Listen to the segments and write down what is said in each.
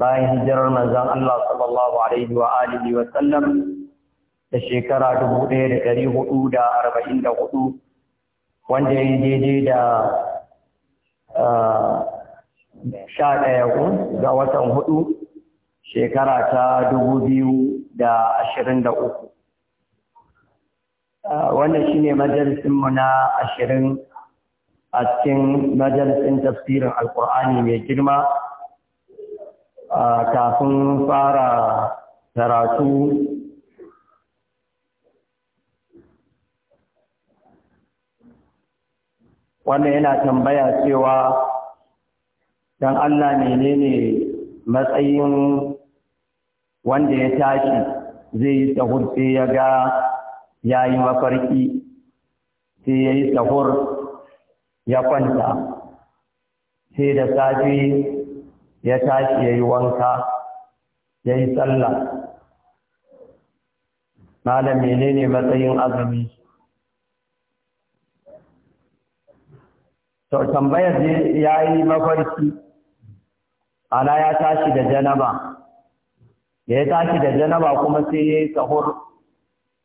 bayan hijirar manzon Allah sallallahu alaihi wa alihi wa sallam da shekara 1444 wanda ya yi daidai da sha ɗaya ga watan hudu shekara ta dubu biyu da ashirin da uku. Wannan shi ne majalisinmu na ashirin a cikin majalisin tafsirin Alƙur'ani mai girma a kafin fara karatu wannan yana tambaya cewa don Allah menene matsayin wanda ya tashi zai yi sahur sai ya ga ya yi mafarki sai ya yi sahur ya kwanta sai da safe ya tashi ya yi wanka ya yi sallah malam menene matsayin azumi to tambayar ya yi mafarki ana ya tashi da janaba ya ya tashi da janaba kuma sai ya yi sahur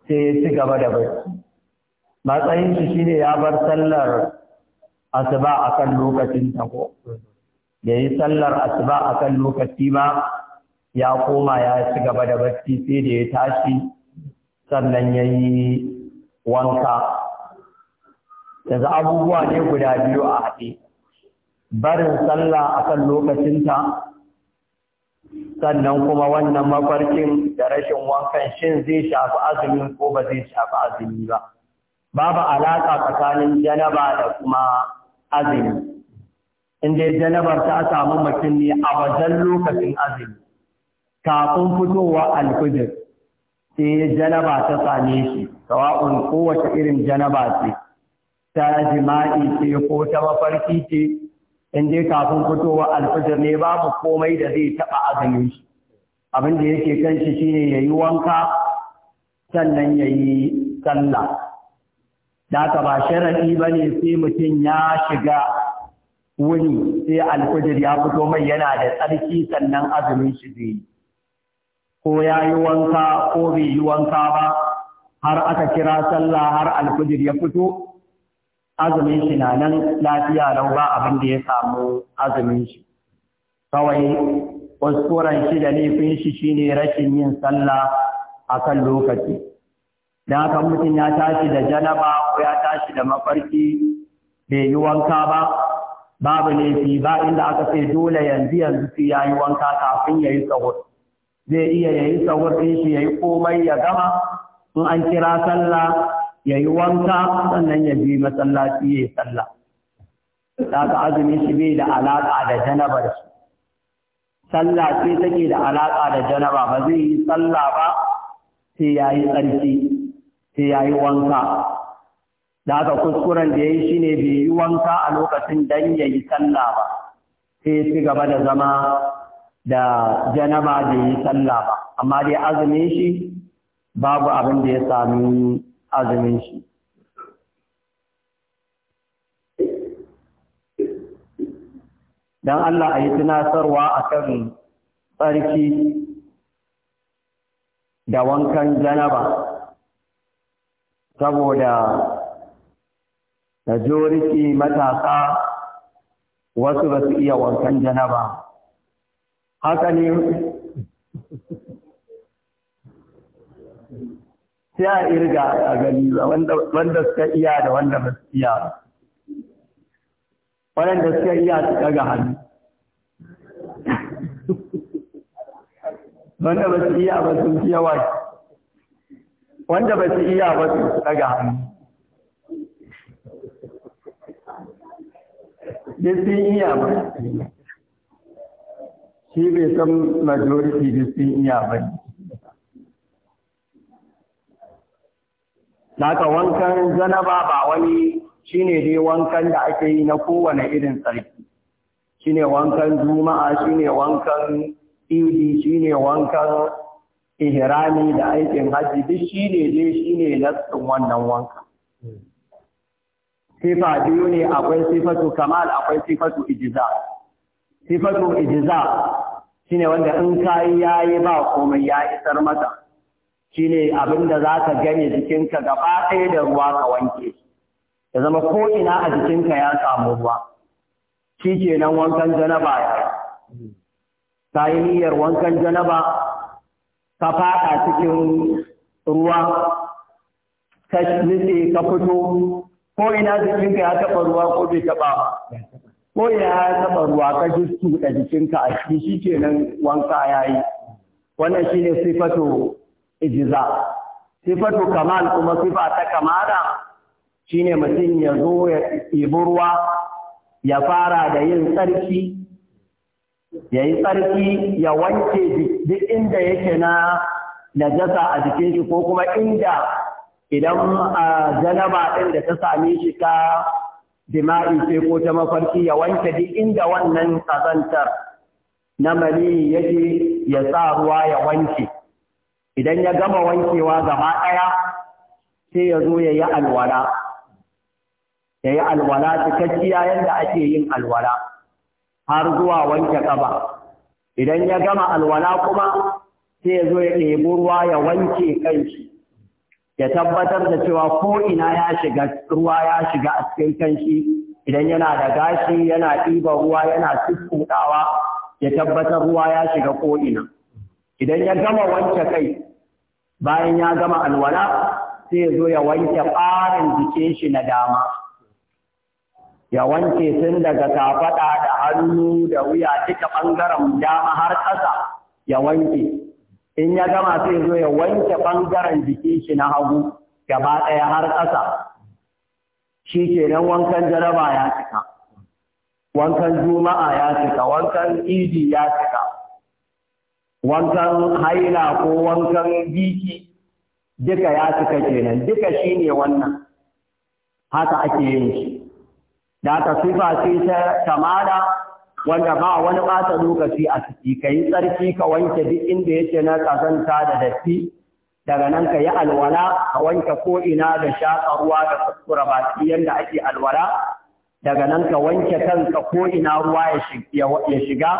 sai ya ci gaba da barci matsayin shi shine ya bar sallar asuba akan lokacin tako da yi sallar asuba a kan lokaci ba ya koma ya ci gaba da barci sai da ya tashi sannan ya yi wanka yanzu abubuwa ne guda biyu a haɗe barin sallah a kan lokacinta sannan kuma wannan mafarkin da rashin wankan shin zai shafi azumi ko ba zai shafi azumi ba babu alaƙa tsakanin janaba da kuma azumi inda janabar ta samu mutum ne a wajen lokacin azumi kafin fitowa alfijir sai janaba ta same shi sawa'un kowace irin janaba ce ta jima'i ce ko ta mafarki ce inda kafin fitowa alfijir ne babu komai da zai taɓa azumin shi abin da yake kan shi shine yi wanka sannan ya yi sallah da ka ba sharadi bane sai mutum ya shiga wuni sai alfajir ya fito mai yana da tsarki sannan azumin shi zai yi ko ya yi wanka ko bai yi wanka ba har aka kira sallah har alfajir ya fito azumin shi na nan lafiya lau ba abin da ya samu azumin shi kawai kuskuren shi da laifin shi shine rashin yin sallah akan lokaci Da haka mutum ya tashi da janaba ko ya tashi da mafarki bai yi wanka ba babu laifi ba inda aka ce dole yanzu yanzu sai yayi wanka kafin yayi sahur zai iya yayi sahur din shi yayi komai ya gama in an kira sallah yayi wanka sannan ya bi masallaci yi sallah daga azumi shi bai da alaka da janabar shi su sallah ce take da alaka da janaba ba zai yi sallah ba sai yayi tsarki sai yayi wanka da aka kuskuren da ya yi shi ne bai yi wanka a lokacin dan ya yi sallah ba sai ci gaba da zama da janaba da yi sallah ba amma dai azumin shi babu abin da ya sami azumin shi don Allah a yi tunasarwa a kan tsarki da wankan janaba saboda joriki matasa wasu ba su iya wankan janaba haka ne sai a irga a gani wanda suka iya da wanda ba su iya Wadanda suka iya su ɗaga hannu wanda ba su iya ba sun fi yawa wanda ba su iya ba su ɗaga hannu duk iya ba shi bai san majority duk iya ba Naka wankan zanaba ba wani shine dai wankan da ake yi na kowane irin tsarki shine wankan juma'a shine wankan idi shine wankan ihrami da aikin hajji duk shine dai shine nassin wannan wanka sifa biyu ne akwai sifatu kamal akwai sifatu ijiza sifatu ijiza shine wanda in kayi yayi ba komai ya isar masa shine abinda zaka gane jikinka gaba ɗaya da ruwa ka wanke ya zama ko ina a jikinka ya samu ruwa kenan wankan janaba ya ka yi niyyar wankan janaba ka faɗa cikin ruwa ka nitse ka fito ko ina jikinka ya taɓa ruwa ko bai taɓa ba ko ya taɓa ruwa ka ji tuɗa jikinka a ciki shi nan wanka ya yi wannan shi ne sifato ijiza sifato kamal kuma sifa ta kamala shi ne mutum ya zo ya ɗibi ruwa ya fara da yin tsarki ya yi tsarki ya wanke duk inda yake na najasa a jikin shi ko kuma inda idan a janaba ɗin da ta same shi ta jima'i ce ko ta mafarki ya wanke duk inda wannan kazantar na mani yake ya sa ruwa ya wanke idan ya gama wankewa gaba ɗaya sai ya zo ya yi alwala ya yi alwala cikakkiya yadda ake yin alwala har zuwa wanke ƙaba idan ya gama alwala kuma sai ya zo ya ɗebi ruwa ya wanke kan shi. ya tabbatar da cewa ko ina ya shiga ruwa ya shiga a cikin kanshi idan yana da gashi yana ɗiba ruwa yana siskuɗawa ya tabbatar ruwa ya shiga ko ina idan ya gama wanke kai bayan ya gama alwala sai ya zo ya wanke ɓarin jikin shi na dama ya wanke tun daga kafaɗa da hannu da wuya duka ɓangaren dama har ƙasa ya wanke in ya gama sai zo ya wanke ɓangaren jikin shi na hagu gaba ɗaya har ƙasa shi ke nan wankan jaraba ya cika wankan juma'a ya cika wankan idi ya cika wankan haila ko wankan biki duka ya cika kenan duka shi ne wannan haka ake yin shi da aka sifa sai ta kamala wanda ba wani ɓata lokaci a ciki ka yi tsarki ka wanke duk inda yake na kazanta da datti daga nan ka yi alwala ka wanke ko'ina da shaƙa ruwa da kuskura baki yadda ake alwala daga nan ka wanke kanka ko'ina ruwa ya shiga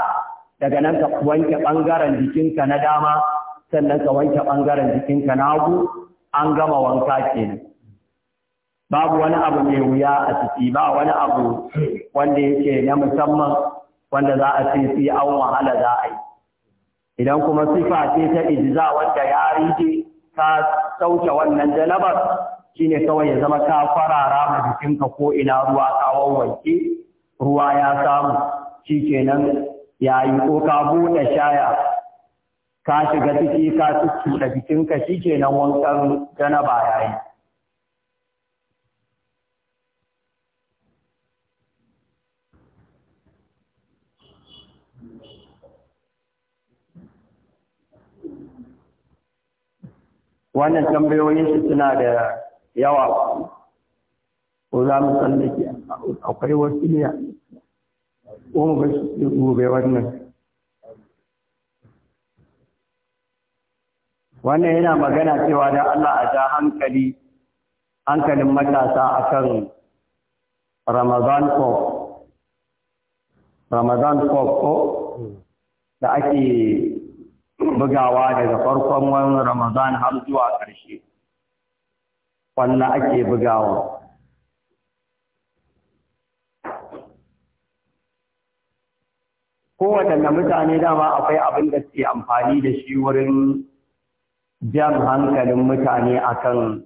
daga nan ka wanke ɓangaren jikinka na dama sannan ka wanke ɓangaren jikinka na hagu an gama wanka kenan babu wani abu mai wuya a ciki ba wani abu wanda yake na musamman wanda za a ce sai an wahala za a yi idan kuma sifa ce ta ijza wanda ya rike ka sauke wannan janabar shine kawai ya zama ka farara ma jikinka ko ina ruwa ka wawwanke ruwa ya samu shikenan yayi ko ka buɗe shaya ka shiga ciki ka da jikinka shikenan wankan janaba yayi wannan tambayoyin shi suna da yawa ko za mu ke akwai wasu ne ko mu ga shi gobe wannan wannan yana magana cewa da Allah a ja hankali hankalin matasa a Ramadan ko Ramadan ko da ake bugawa daga farkon wani Ramadan har zuwa ƙarshe. Kwallo ake bugawa. Kowatanne mutane dama akwai abin da suke amfani da shi wurin jan hankalin mutane akan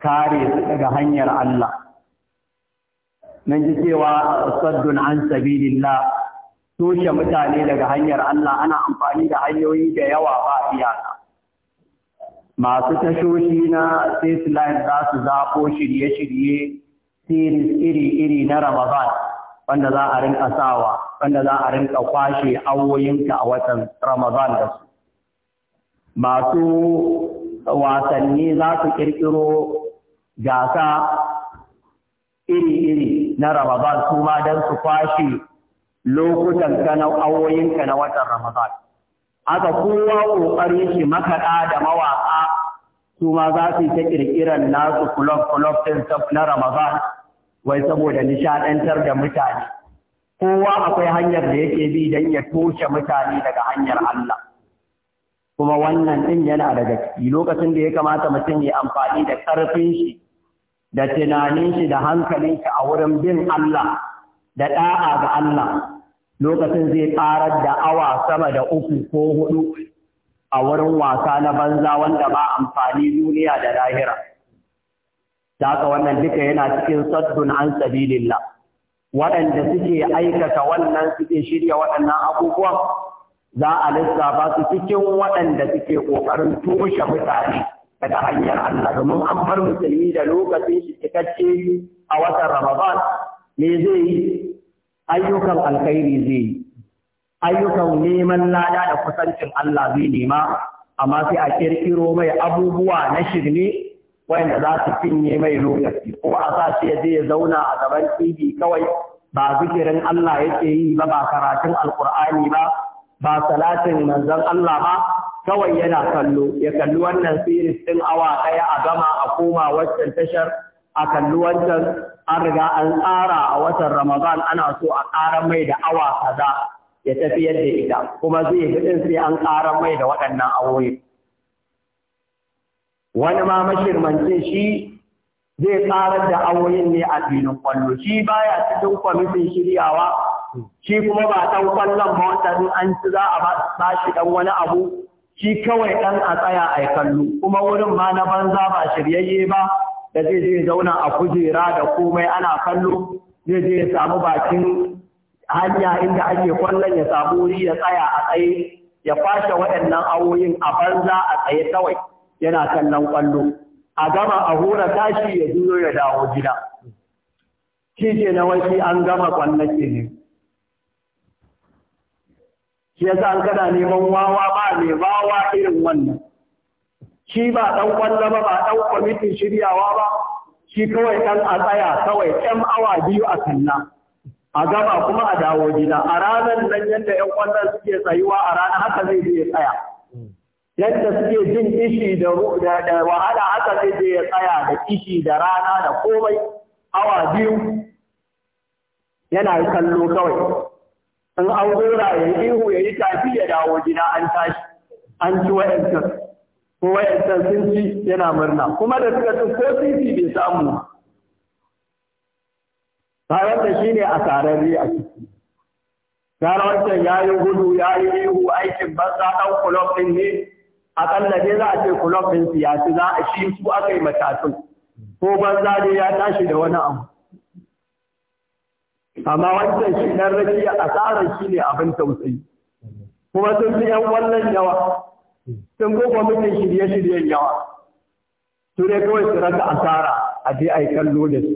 kare su daga hanyar Allah. Nan ji cewa saddun an sabilillah toshe mutane daga hanyar Allah ana amfani da hanyoyi da yawa ba iyaka. Masu tashoshi na line za su zaɓo shirye-shirye series iri-iri na Ramadan wanda za a rinka sawa, wanda za a rinka kwashe awoyinka a watan Ramadan da su. Masu wasanni za su ƙirƙiro gasa iri-iri na Ramadan kuma don su kwashe lokutan ka na awoyin na watan Ramadan aka kowa ƙoƙarin shi makaɗa da mawaƙa su ma za su yi ta ƙirƙirar nasu kulof kulof ɗin na Ramadan wai saboda nishaɗantar da mutane kowa akwai hanyar da yake bi don ya toshe mutane daga hanyar Allah kuma wannan ɗin yana daga ciki lokacin da ya kamata mutum ya amfani da ƙarfin shi da tunanin shi da hankalin shi a wurin bin Allah da ɗa'a ga Allah lokacin zai ƙarar da awa sama da uku ko hudu a wurin wasa na banza wanda ba amfani duniya da lahira. Da haka wannan duka yana cikin saddun an sabilillah. Waɗanda suke aikata wannan suke shirya waɗannan abubuwan za a lissafa su cikin waɗanda suke ƙoƙarin toshe mutane daga hanyar Allah domin an bar musulmi da lokacin shi cikakke a watan Ramadan me zai yi ayyukan alkhairi zai yi ayyukan neman lada da kusancin Allah zai nema amma sai a kirkiro mai abubuwa na shirme wanda za su cinye mai lokaci ko a sa shi je ya zauna a gaban TV kawai ba zikirin Allah yake yi ba ba karatun alkur'ani ba ba salatin manzon Allah ba kawai yana kallo ya kalli wannan series din awa ɗaya a gama a koma waccan tashar a kalli wancan an riga an tsara a watan Ramadan ana so a ƙara mai da awa kaza ya tafiyar da ita kuma zai fitin sai an ƙara mai da waɗannan awoyi. Wani ma mashirmancin shi zai tsara da awoyin ne a filin kwallo shi baya cikin kwamitin shiryawa shi kuma ba ɗan kwallon ba wanda in an ci za a ba shi ɗan wani abu shi kawai ɗan a tsaya a kallo kuma wurin ma na banza ba shiryayye ba da zai je zauna a kujera da komai ana kallo zai je ya samu bakin hanya inda ake kwallon ya samu wuri ya tsaya a tsaye ya fashe waɗannan awoyin a banza a tsaye kawai yana kallon kwallo a gama a hura tashi ya juyo ya dawo gida shi ke na wasi an gama kwallon ke ne shi yasa an kana neman wawa ba mai wawa irin wannan shi ba ɗan ƙwallo ba ba ɗan kwamitin shiryawa ba shi kawai ɗan a tsaya kawai ƴan awa biyu a kalla a gaba kuma a dawo gida a ranar nan yadda 'yan ƙwallon suke tsayuwa a ranar haka zai je ya tsaya yadda suke jin ishi da wahala haka zai je ya tsaya da ishi da rana da komai awa biyu yana kallo kawai in an gora ya yi ihu ya yi tafi ya dawo gida an tashi an ci wa'yancan ko wayancan sun ci yana murna kuma da suka ci ko sisi bai samu ba bayan da ne a sararri a ciki gara wancan ya yi gudu ya yi ihu aikin banza ɗan kulob ɗin ne aƙalla ne za a ce kulob ɗin siyasi za a shi su aka yi matatun ko banza ne ya tashi da wani abu amma wancan shi ɗan rakiya asarar shi ne abin tausayi kuma sun fi ‘yan wannan yawa sun ko mutum shirye-shiryen yawa su dai kawai su rasa asara a je a yi kallo da su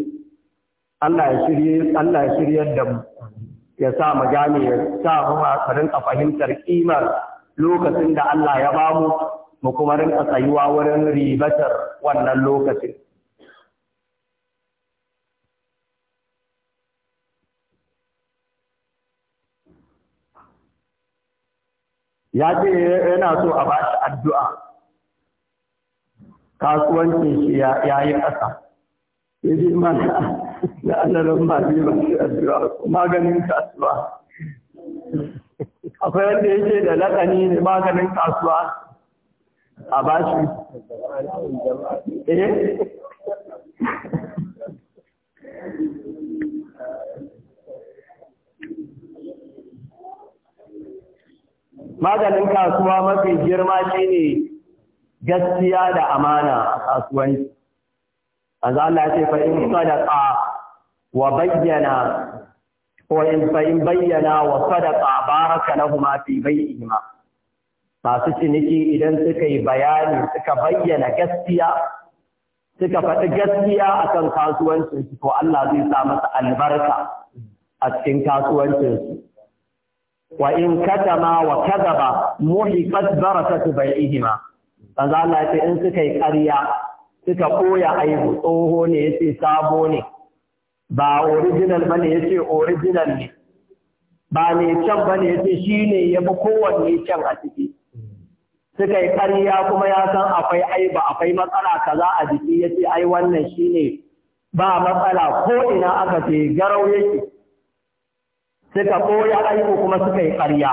Allah ya shirye Allah ya shirye da mu ya sa mu gane ya sa mu a fahimtar kimar lokacin da Allah ya bamu mu kuma rinka tsayuwa wurin ribatar wannan lokacin ya ce yana so a ba shi addu'a kasuwanci shi ya yi ƙasa ya ji mana da alarin ba zai ba shi addu'a maganin kasuwa akwai wanda yake da laƙani ne maganin kasuwa a ba shi eh maganin kasuwa mafi girma shine gaskiya da amana a kasuwanci azza Allah ya ce fa in sadaqa wa bayyana ko in fa bayyana wa sadaqa baraka lahumu fi bayyihima masu ciniki idan suka yi bayani suka bayyana gaskiya suka faɗi gaskiya akan kasuwancinsu to Allah zai sa masa albarka a cikin kasuwancinsu wa in katama wa kadaba muhiqat barakatu bai'ihima manzo Allah ya in suka yi ƙarya suka koya aibu tsoho ne yace sabo ne ba original bane yace original ne ba ne can bane yace shine yafi kowanne can a ciki suka yi ƙarya kuma ya san akwai aiba akwai matsala kaza a jiki yace ai wannan shine ba matsala ko ina aka ce garau yake suka koya aiko kuma suka yi ƙarya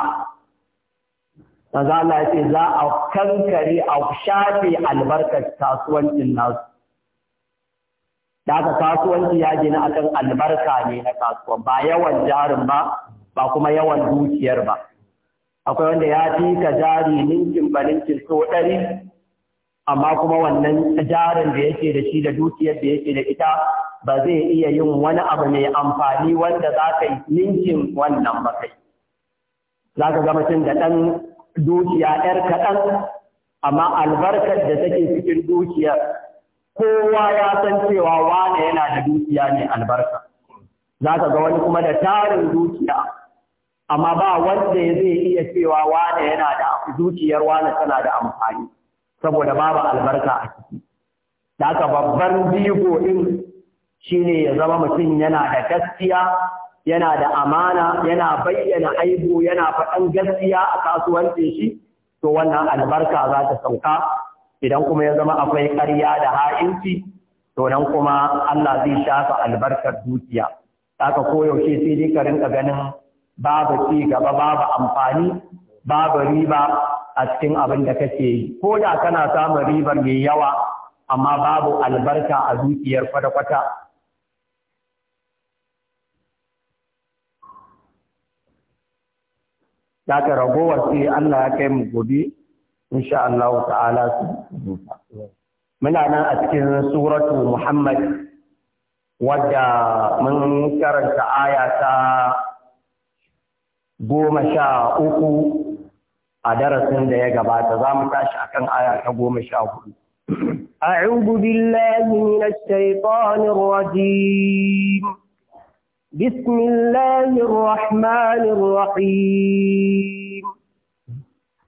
maza Allah ya ce za a kankare a shafe albarkar kasuwancin nasu da aka kasuwanci ya gina akan albarka ne na kasuwa ba yawan jarin ba ba kuma yawan dukiyar ba akwai wanda ya fi ka jari ninkin ba ninkin so ɗari amma kuma wannan jarin da yake da shi da dukiyar da yake da ita ba zai iya yin wani abu mai amfani wanda za ka yi ninkin wannan ba kai. Za ka ga da ɗan dukiya ‘yar kaɗan, amma albarkar da take cikin dukiyar kowa ya san cewa wane yana da dukiya ne albarka. Za ka ga wani kuma da tarin dukiya, amma ba wanda zai iya cewa wane yana da dukiyar wane tana da amfani, saboda babu albarka a ciki. Da babban digo in shine ya zama mutum yana da gaskiya yana da amana yana bayyana aibu yana faɗan gaskiya a kasuwancin shi to wannan albarka za ta sauka idan kuma ya zama akwai ƙarya da ha'inci to nan kuma Allah zai shafa albarkar dukiya haka koyaushe sai dai ka rinka ganin babu ci gaba babu amfani babu riba a cikin abin da kake yi ko da kana samun ribar mai yawa amma babu albarka a dukiyar kwata-kwata da ta ragowar sai Allah ya kai mu gobe insha Allah ta'ala su muna nan a cikin suratu Muhammad wadda mun karanta aya ta goma sha uku a darasin da ya gabata za mu tashi akan aya ta goma sha hudu أعوذ بالله من الشيطان الرجيم بسم الله الرحمن الرحيم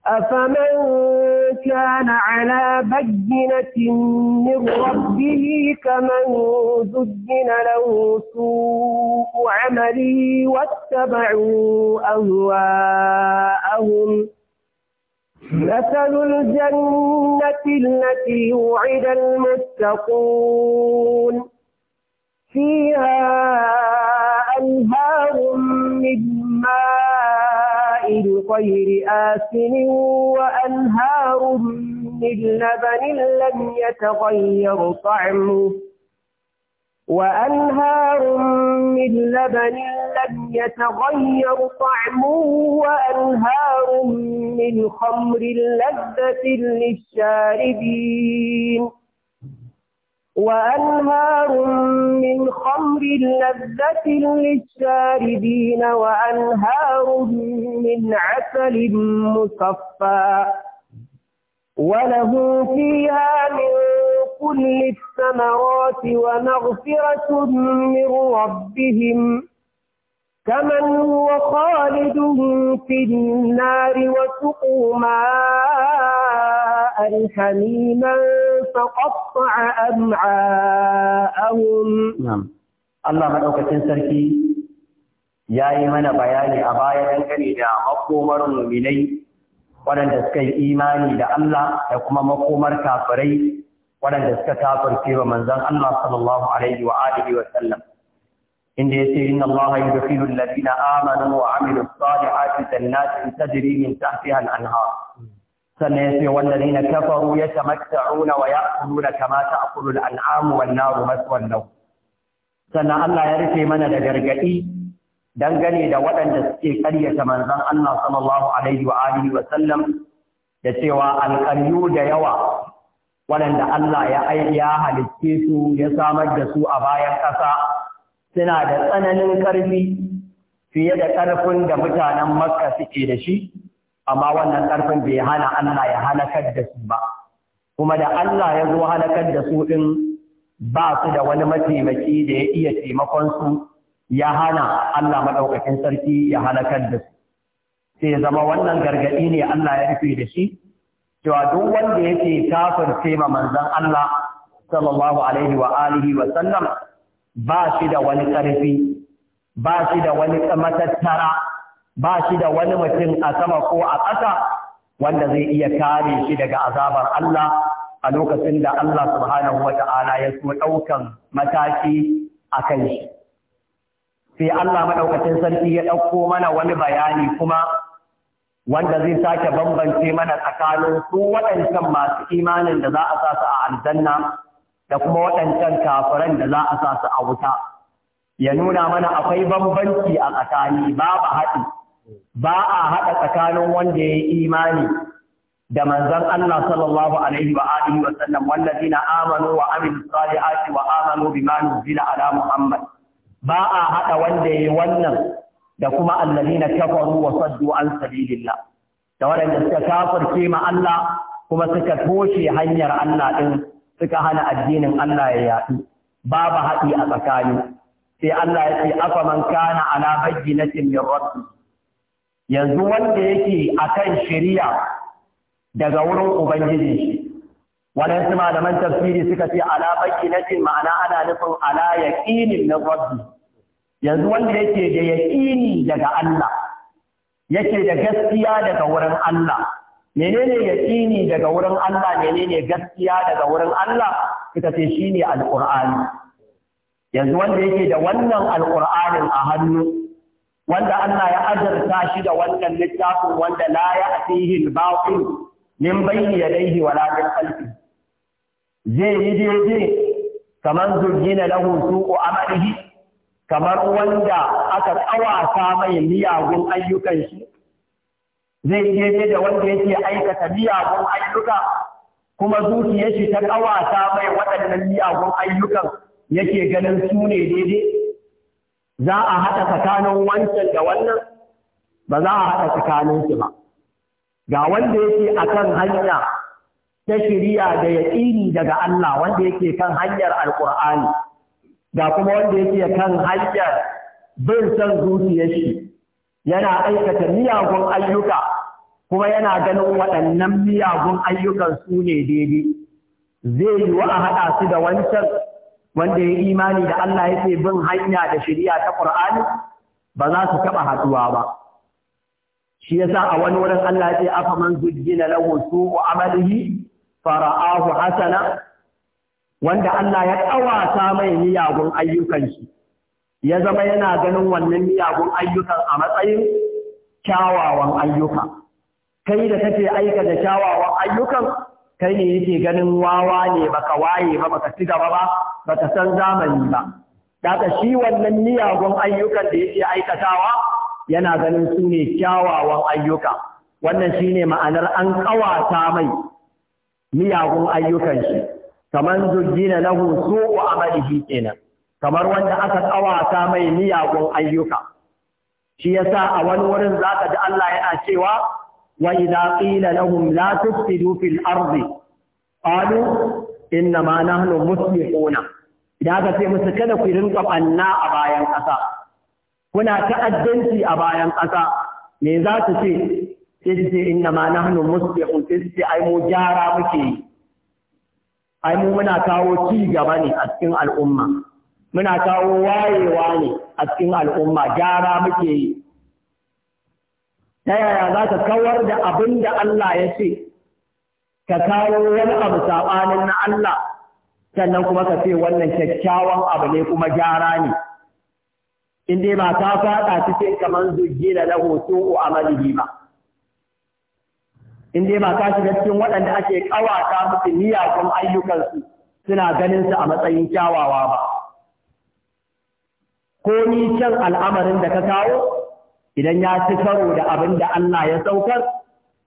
أفمن كان على بينة من ربه كمن زجن له سوء عمله واتبعوا أهواءهم مثل الجنة التي وعد المتقون فيها أنهار من ماء غير آسن وأنهار من لبن لم يتغير طعمه وأنهار من لبن لم يتغير طعمه وأنهار من خمر لذة للشاربين وأنهار من خمر لذة للشاربين وأنهار من عسل مصفى وله فيها من كل الثمرات ومغفرة من ربهم كمن هو خالد في النار وسقوا ماء حميما تقطع أمعاءهم نعم Allah maɗaukacin sarki ya yi mana bayani a baya dangane da makomar muminai waɗanda suka yi imani da Allah da kuma makomar kafirai waɗanda suka kafirce wa manzon Allah sallallahu alaihi wa wa sallam inda yace inna Allah yudkhilu alladhina amanu wa amilu salihati jannatin tajri min tahtiha al-anhar sannan ya ce wallazi na kafaru ya tamatta'una wa ya'kuluna kama ta'kulu al'amu wan naru maswan sannan Allah ya rufe mana da gargadi dangane da waɗanda suke ƙaryata manzon Allah sallallahu alaihi wa alihi wa sallam da cewa alƙaryu da yawa waɗanda Allah ya ya halicce su ya samar da su a bayan ƙasa suna da tsananin ƙarfi fiye da ƙarfin da mutanen Makka suke da shi amma wannan ƙarfin bai hana Allah ya halakar da su ba kuma da Allah ya zo halakar da su ɗin ba su da wani mataimaki da ya iya taimakon su ya hana Allah maɗaukakin sarki ya halakar da su sai zama wannan gargaɗi ne Allah ya rufe da shi cewa duk wanda yake sai ma manzon Allah sallallahu alaihi wa alihi wa sallam ba shi da wani ƙarfi ba shi da wani matattara ba shi da wani mutum a sama ko a ƙasa wanda zai iya kare shi daga azabar Allah a lokacin da Allah subhanahu wa ta'ala ya so ɗaukan mataki a kan shi. Sai Allah maɗaukacin sarki ya ɗauko mana wani bayani kuma wanda zai sake bambance mana tsakanin su waɗancan masu imanin da za a sa su a aljanna da kuma waɗancan kafiran da za a sa su a wuta. Ya nuna mana akwai bambanci a tsakani babu haɗi. ba a haɗa tsakanin wanda ya yi imani da manzon Allah sallallahu alaihi wa alihi wa sallam wallazina amanu wa amin salihati wa amanu bima nuzila ala Muhammad ba a haɗa wanda ya yi wannan da kuma allazina kafaru wa saddu an sabilillah da wadanda suka kafirce ma Allah kuma suka toshe hanyar Allah din suka hana addinin Allah ya yaɗu babu haɗi a tsakani sai Allah ya ce afa man kana ala bayyinatin min rabbi yanzu wanda yake akan shari'a daga wurin ubangiji shi waɗansu malaman tafsiri suka ce ala bayyinatin ma'ana ana nufin ala yaqinin na rabbi yanzu wanda yake da yaqini daga Allah yake da gaskiya daga wurin Allah menene yaqini daga wurin Allah menene gaskiya daga wurin Allah suka ce shine alqur'ani yanzu wanda yake da wannan alqur'anin a hannu wanda Allah ya azarta shi da wannan littafin wanda la ya'tihi al-batil min bayni yadayhi wala min khalfi zai yi daidai kamar zurgina lahu su'u amalihi kamar wanda aka tsawata mai miyagun ayyukan shi zai yi dai da wanda yake aikata miyagun ayyuka kuma zuciyar shi ta tsawata mai waɗannan miyagun ayyukan yake ganin sune ne daidai za a haɗa tsakanin wancan da wannan ba za a haɗa tsakaninsu ba ga wanda yake akan hanya ta shirya da yaƙini daga Allah wanda yake kan hanyar alƙur'ani ga kuma wanda yake kan hanyar bin son zuciyar shi yana aikata miyagun ayyuka kuma yana ganin waɗannan miyagun ayyukan su ne daidai zai yi wa a haɗa su da wancan wanda ya imani da Allah yake bin hanya da shari'a ta Qur'ani ba za su taba haduwa ba shi yasa a wani wurin Allah ya ce afa man zujjina lahu su'u amalihi fara'ahu hasana wanda Allah ya kawata mai miyagun ayyukan shi ya zama yana ganin wannan miyagun ayyukan a matsayin kyawawan ayyuka kai da kake aika da kyawawan ayyukan kai ne yake ganin wawa ne baka waye ba baka ci gaba ba baka san zamani ba daga shi wannan miyagun ayyukan da yake aikatawa yana ganin su ne kyawawan ayyuka wannan shine ma'anar an ƙawata mai miyagun ayyukan shi kamar zujjina lahu su'u amalihi kenan kamar wanda aka ƙawata mai miyagun ayyuka shi yasa a wani wurin zaka ji Allah yana cewa وَإِذَا قِيلَ لَهُمْ لَا تُفْسِدُوا فِي الْأَرْضِ قَالُوا إِنَّمَا نَحْنُ مُصْلِحُونَ idan aka ce musu kada ku rinka banna a bayan ƙasa kuna ta'addanci a bayan ƙasa me za ku ce sai ce inna ma nahnu muslihun sai ce ai mu jara muke yi ai mu muna kawo ci gaba ne a cikin al'umma muna kawo wayewa ne a cikin al'umma jara muke yi ta yaya za ka kawar da abin da Allah ya ce ka kawo wani abu saɓanin na Allah sannan kuma ka ce wannan kyakkyawan abu ne kuma gyara ne in dai ba ta faɗa cikin kamar da na hoto a amalihi ba in dai ba ka shiga cikin waɗanda ake ƙawata musu miyagun ayyukansu suna ganin su a matsayin kyawawa ba ko ni kyan al'amarin da ka kawo idan ya ci karo da abin da Allah ya saukar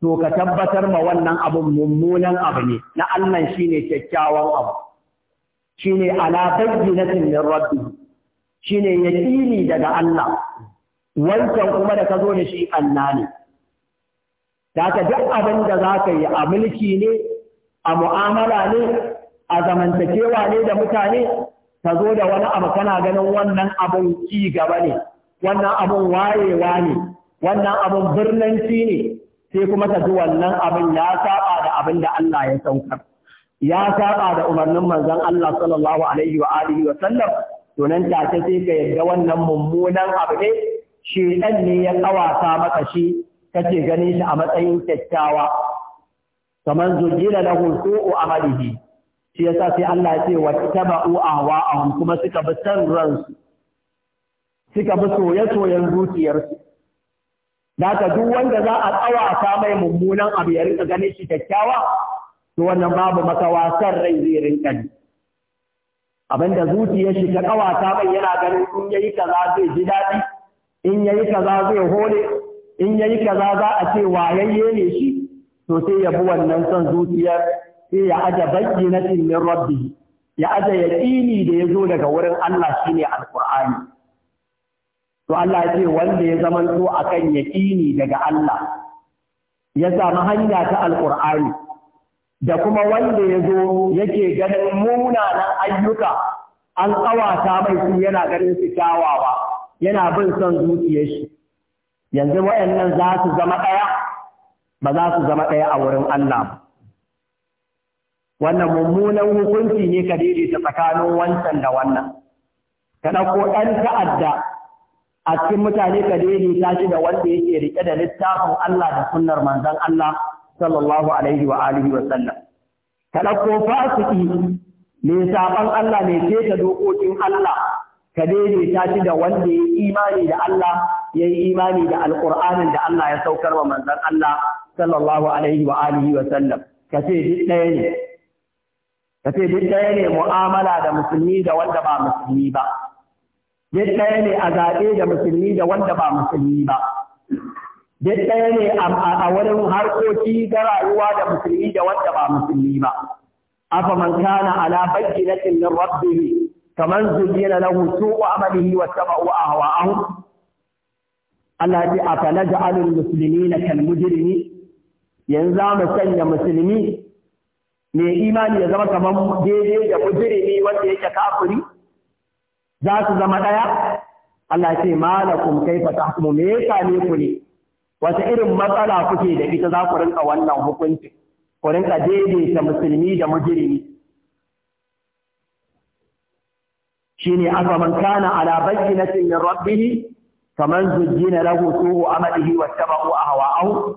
to ka tabbatar ma wannan abin mummunan abu ne na Allah shine kyakkyawan abu shine ala bayyinatin min rabbi shine yaqini daga Allah wancan kuma da ka zo da shi Allah ne da ka duk abin da za ka yi a mulki ne a mu'amala ne a zamantakewa ne da mutane ka zo da wani abu kana ganin wannan abun ci gaba ne wannan abun wayewa ne wannan abun birnanci ne sai kuma ta ji wannan abin ya saba da abin da Allah ya saukar ya saba da umarnin manzon Allah sallallahu alaihi wa alihi wa sallam to nan take sai ka yarda wannan mummunan abu ne Shi ɗan ne ya kawata maka shi kake ganin shi a matsayin kyakkyawa kamar zujjila lahu su'u amalihi shi yasa sai Allah ya ce wa tabau ahwa'ahum kuma suka bi san ransu suka bi soye-soyen zuciyarsu. ka duk wanda za a a mai mummunan abu ya rinka ganin shi kyakkyawa, to wannan babu maka wasan rai zai rinka ji. Abinda zuciyar shi ta ta mai yana ganin in yayi kaza zai ji daɗi, in yayi kaza zai hole, in yayi kaza za a ce wayayye ne shi, to sai ya bi wannan son zuciyar sai ya aje na min rabbi ya aje yaƙini da ya zo daga wurin Allah shine alƙur'ani. to Allah ya ce wanda ya zamanto akan yaƙini daga Allah ya samu hanya ta alƙur'ani da kuma wanda ya zo yake ganin munanan ayyuka an ƙawata mai su yana ganin su kyawawa yana bin son zuciyar shi yanzu wayannan za su zama ɗaya ba za su zama ɗaya a wurin Allah ba wannan mummunan hukunci ne ka ta tsakanin wancan da wannan ka ɗauko ɗan ta'adda a cikin mutane ka daidaita shi da wanda yake rike da littafin Allah da sunnar manzon Allah sallallahu alaihi wa alihi wa sallam fasiki mai saban Allah mai keta dokokin Allah ka daidaita shi da wanda yayi imani da Allah yayi imani da alqur'anin da Allah ya saukar wa manzon Allah sallallahu alaihi wa alihi wa sallam ka ce duk ɗaya ne ka ce duk ɗaya ne mu'amala da musulmi da wanda ba musulmi ba duk ɗaya ne a zaɓe da musulmi da wanda ba musulmi ba duk ɗaya ne a wurin harkoki da rayuwa da musulmi da wanda ba musulmi ba afa man kana ala bayyinatin wa rabbih kaman zuyyina lahu su'u amalihi wattaba'u ahwa'ahum Allah ya ce musulmi muslimina kal mujrimin yanzu za mu sanya musulmi mai imani ya zama kamar daidai da mujirimi wanda yake kafiri za su zama ɗaya Allah ce malakum kaifa tahkumu me ya ne ku ne wata irin matsala kuke da ita za ku rinka wannan hukunci ku rinka daidaita musulmi da mujrimi shine afa man kana ala bayyinatin min rabbih faman zujjina lahu su'u amalihi wattaba'u ahwa'ahu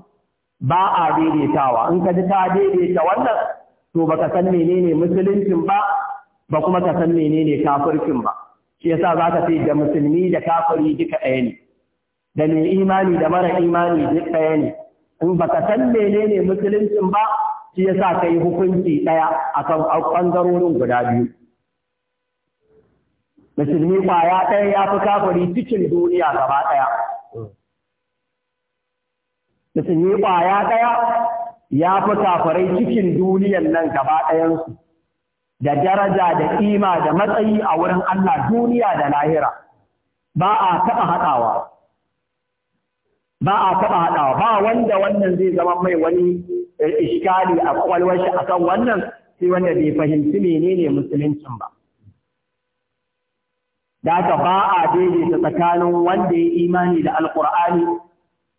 ba a daidaitawa in ka ji ta daidaita wannan to baka san menene musuluncin ba ba kuma ka san menene kafircin ba shi yasa za ka ce da musulmi da kafiri duka ɗaya ne da mai imani da mara imani duk ɗaya ne in ba ka san menene musuluncin ba shi yasa ka yi hukunci ɗaya akan kan ɓangarorin guda biyu musulmi kwaya ɗaya ya fi kafiri cikin duniya gaba ɗaya musulmi kwaya ɗaya ya fi kafirai cikin duniyan nan gaba ɗayansu da daraja da kima da matsayi a wurin Allah duniya da lahira ba a taɓa haɗawa ba a taɓa haɗawa ba wanda wannan zai zama mai wani eh, iskali a kwakwalwar shi akan wannan sai wanda bai fahimci menene musuluncin ba da haka ba a daidaita tsakanin wanda ya imani da alkur'ani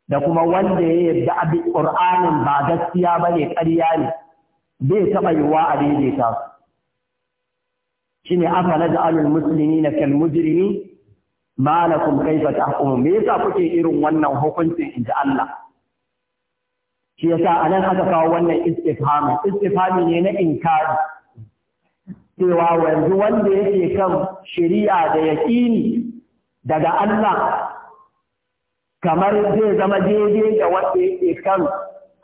da kuma wanda ya yarda abin ƙur'anin ba gaskiya ba ne ƙarya ne bai taɓa yiwuwa a daidaita su shine afala ja'alul muslimina kal mujrimi ma lakum kaifa tahkumun me yasa kuke irin wannan hukuncin inda Allah shi yasa anan aka kawo wannan istifhami istifhami ne na inkari cewa yanzu wanda yake kan shari'a da yaƙini daga Allah kamar zai zama daidai da wanda yake kan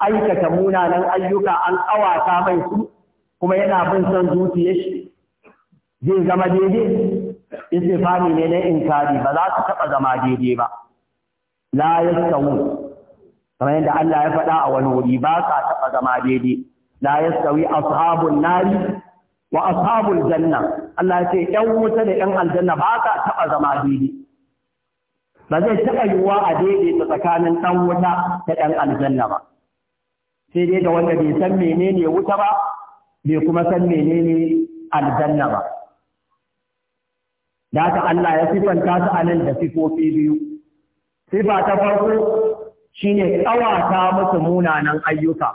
aikata munanan ayyuka an ƙawata mai su kuma yana bin son zuciyar shi zai zama daidai istifami ne na inkari ba za su taɓa zama daidai ba la yastawu kamar yadda Allah ya faɗa a wani wuri ba sa taɓa zama daidai la yastawi ashabun nari wa ashabul janna Allah ya ce ƴan wuta da ƴan aljanna ba sa taɓa zama daidai ba zai taɓa yiwuwa a daidaita tsakanin ɗan wuta da ɗan aljanna ba sai dai ga wanda bai san menene wuta ba bai kuma san menene aljanna ba da haka Allah ya sifanta su anan da sifofi biyu sifa ta farko shine ƙawata musu munanan ayyuka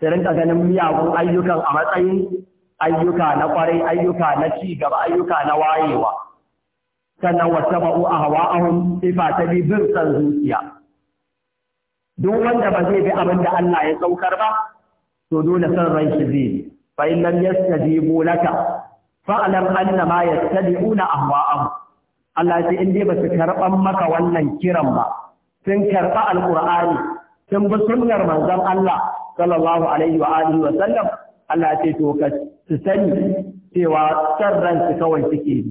su rinka ganin miyagun ayyukan a matsayin ayyuka na kwarai ayyuka na ci gaba ayyuka na wayewa sannan wata ba'u a hawa'ahun sifa ta bi bin san zuciya duk wanda ba zai bi abin da Allah ya saukar ba to dole san ran shi zai fa in lam yastajibu fa'alam anna ma yattabi'una ahwa'ahum Allah ya ce in dai su karban maka wannan kiran ba sun karɓa alqur'ani sun bi sunnar manzon Allah sallallahu alaihi wa alihi wa sallam Allah ya ce to ka su sani cewa san ransu kawai suke yi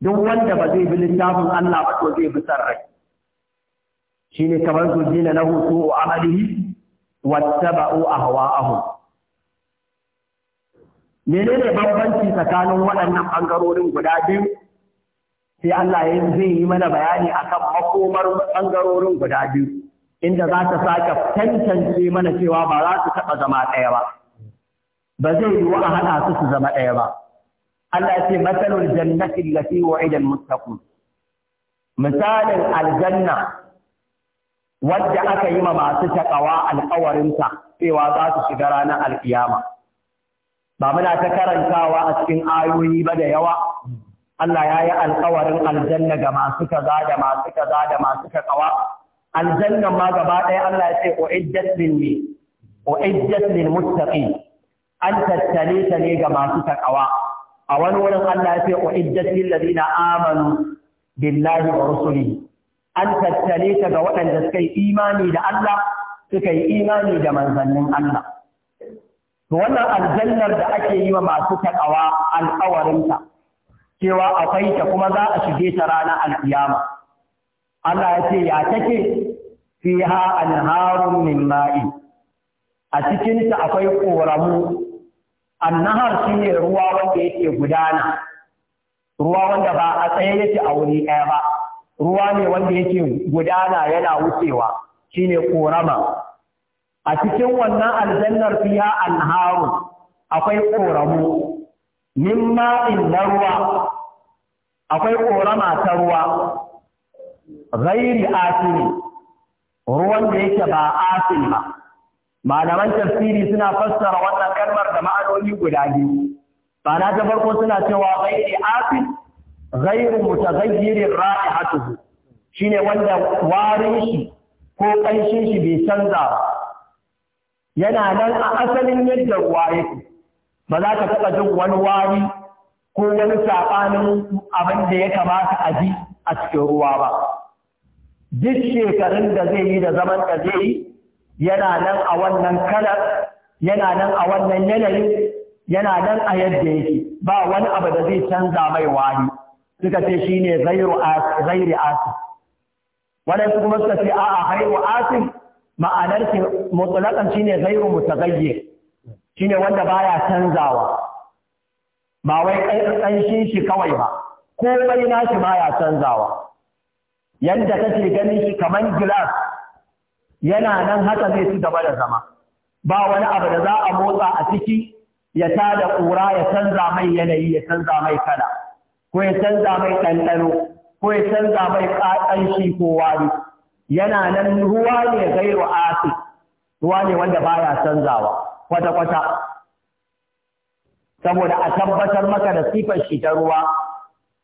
duk wanda ba zai bi littafin Allah ba to zai bi san rai ne kamar su jina lahu a amalihi a ahwa'ahum menene bambanci tsakanin waɗannan ɓangarorin guda biyu sai Allah ya zai yi mana bayani akan makomar ɓangarorin guda biyu inda za ta sake tantance mana cewa ba za su taɓa zama ɗaya ba ba zai yiwu a haɗa su su zama ɗaya ba Allah ya ce matsalar jannati allati wa idan muttaqun misalin aljanna wadda aka yi ma masu takawa alƙawarinta cewa za su shiga ranar alkiyama ba muna ta karantawa a cikin ayoyi ba da yawa Allah ya yi alkawarin aljanna ga masu kaza da masu kaza da masu kazawa aljannan ma gaba ɗaya Allah ya ce uiddat lil mi uiddat lil muttaqin an tattale ta ne ga masu takawa a wani wurin Allah ya ce uiddat lil ladina amanu billahi wa rusulihi an tattale ta ga waɗanda suka yi imani da Allah suka yi imani da manzannin Allah wannan aljannar da ake yi wa masu takawa ta cewa akwai ta kuma za a shige ta ranar alkiyama. Allah ya ce ya take fiha anharun min ma'i. A cikinta akwai ƙoramu, annahar shine ruwa wanda yake gudana, ruwa wanda ba a tsaye yake a wuri ɗaya ba, ruwa ne wanda yake gudana yana wucewa, shine ƙorama. a cikin wannan aljannar fiya anharu akwai koramu min ma'in na akwai korama ta ruwa ghairi asiri ruwan da yake ba asiri ba malaman tafsiri suna fassara wannan kalmar da ma'anoni guda biyu bana ta farko suna cewa ghairi asiri ghairu mutaghayyirin ra'ihatuhu shine wanda warin shi ko ƙanshin shi bai canza ba yana nan a asalin yadda ruwa yake ba za ka taɓa jin wani wari ko wani saɓanin abin da ya kamata a ji a cikin ruwa ba duk shekarun da zai yi da zaman da zai yi yana nan a wannan kalar yana nan a wannan yanayin yana nan a yadda yake ba wani abu da zai canza mai wari suka ce shi ne zairi Asin. wadansu kuma suka ce a'a haihu asin ma'anar shi mutsalakan shine ghayru mutaghayyir shine wanda baya canzawa ba wai kanshin shi kawai ba komai nashi baya canzawa yanda kake ganin shi kaman glass yana nan haka zai ci gaba da zama ba wani abu da za a motsa a ciki ya tada kura ya canza mai yanayi ya canza mai kala ko ya canza mai ɗanɗano ko ya canza mai ƙaƙanshi ko wani. yana nan ruwa ne gairu asi ruwa ne wanda baya canzawa kwata-kwata saboda a tabbatar maka da sifar shi ta ruwa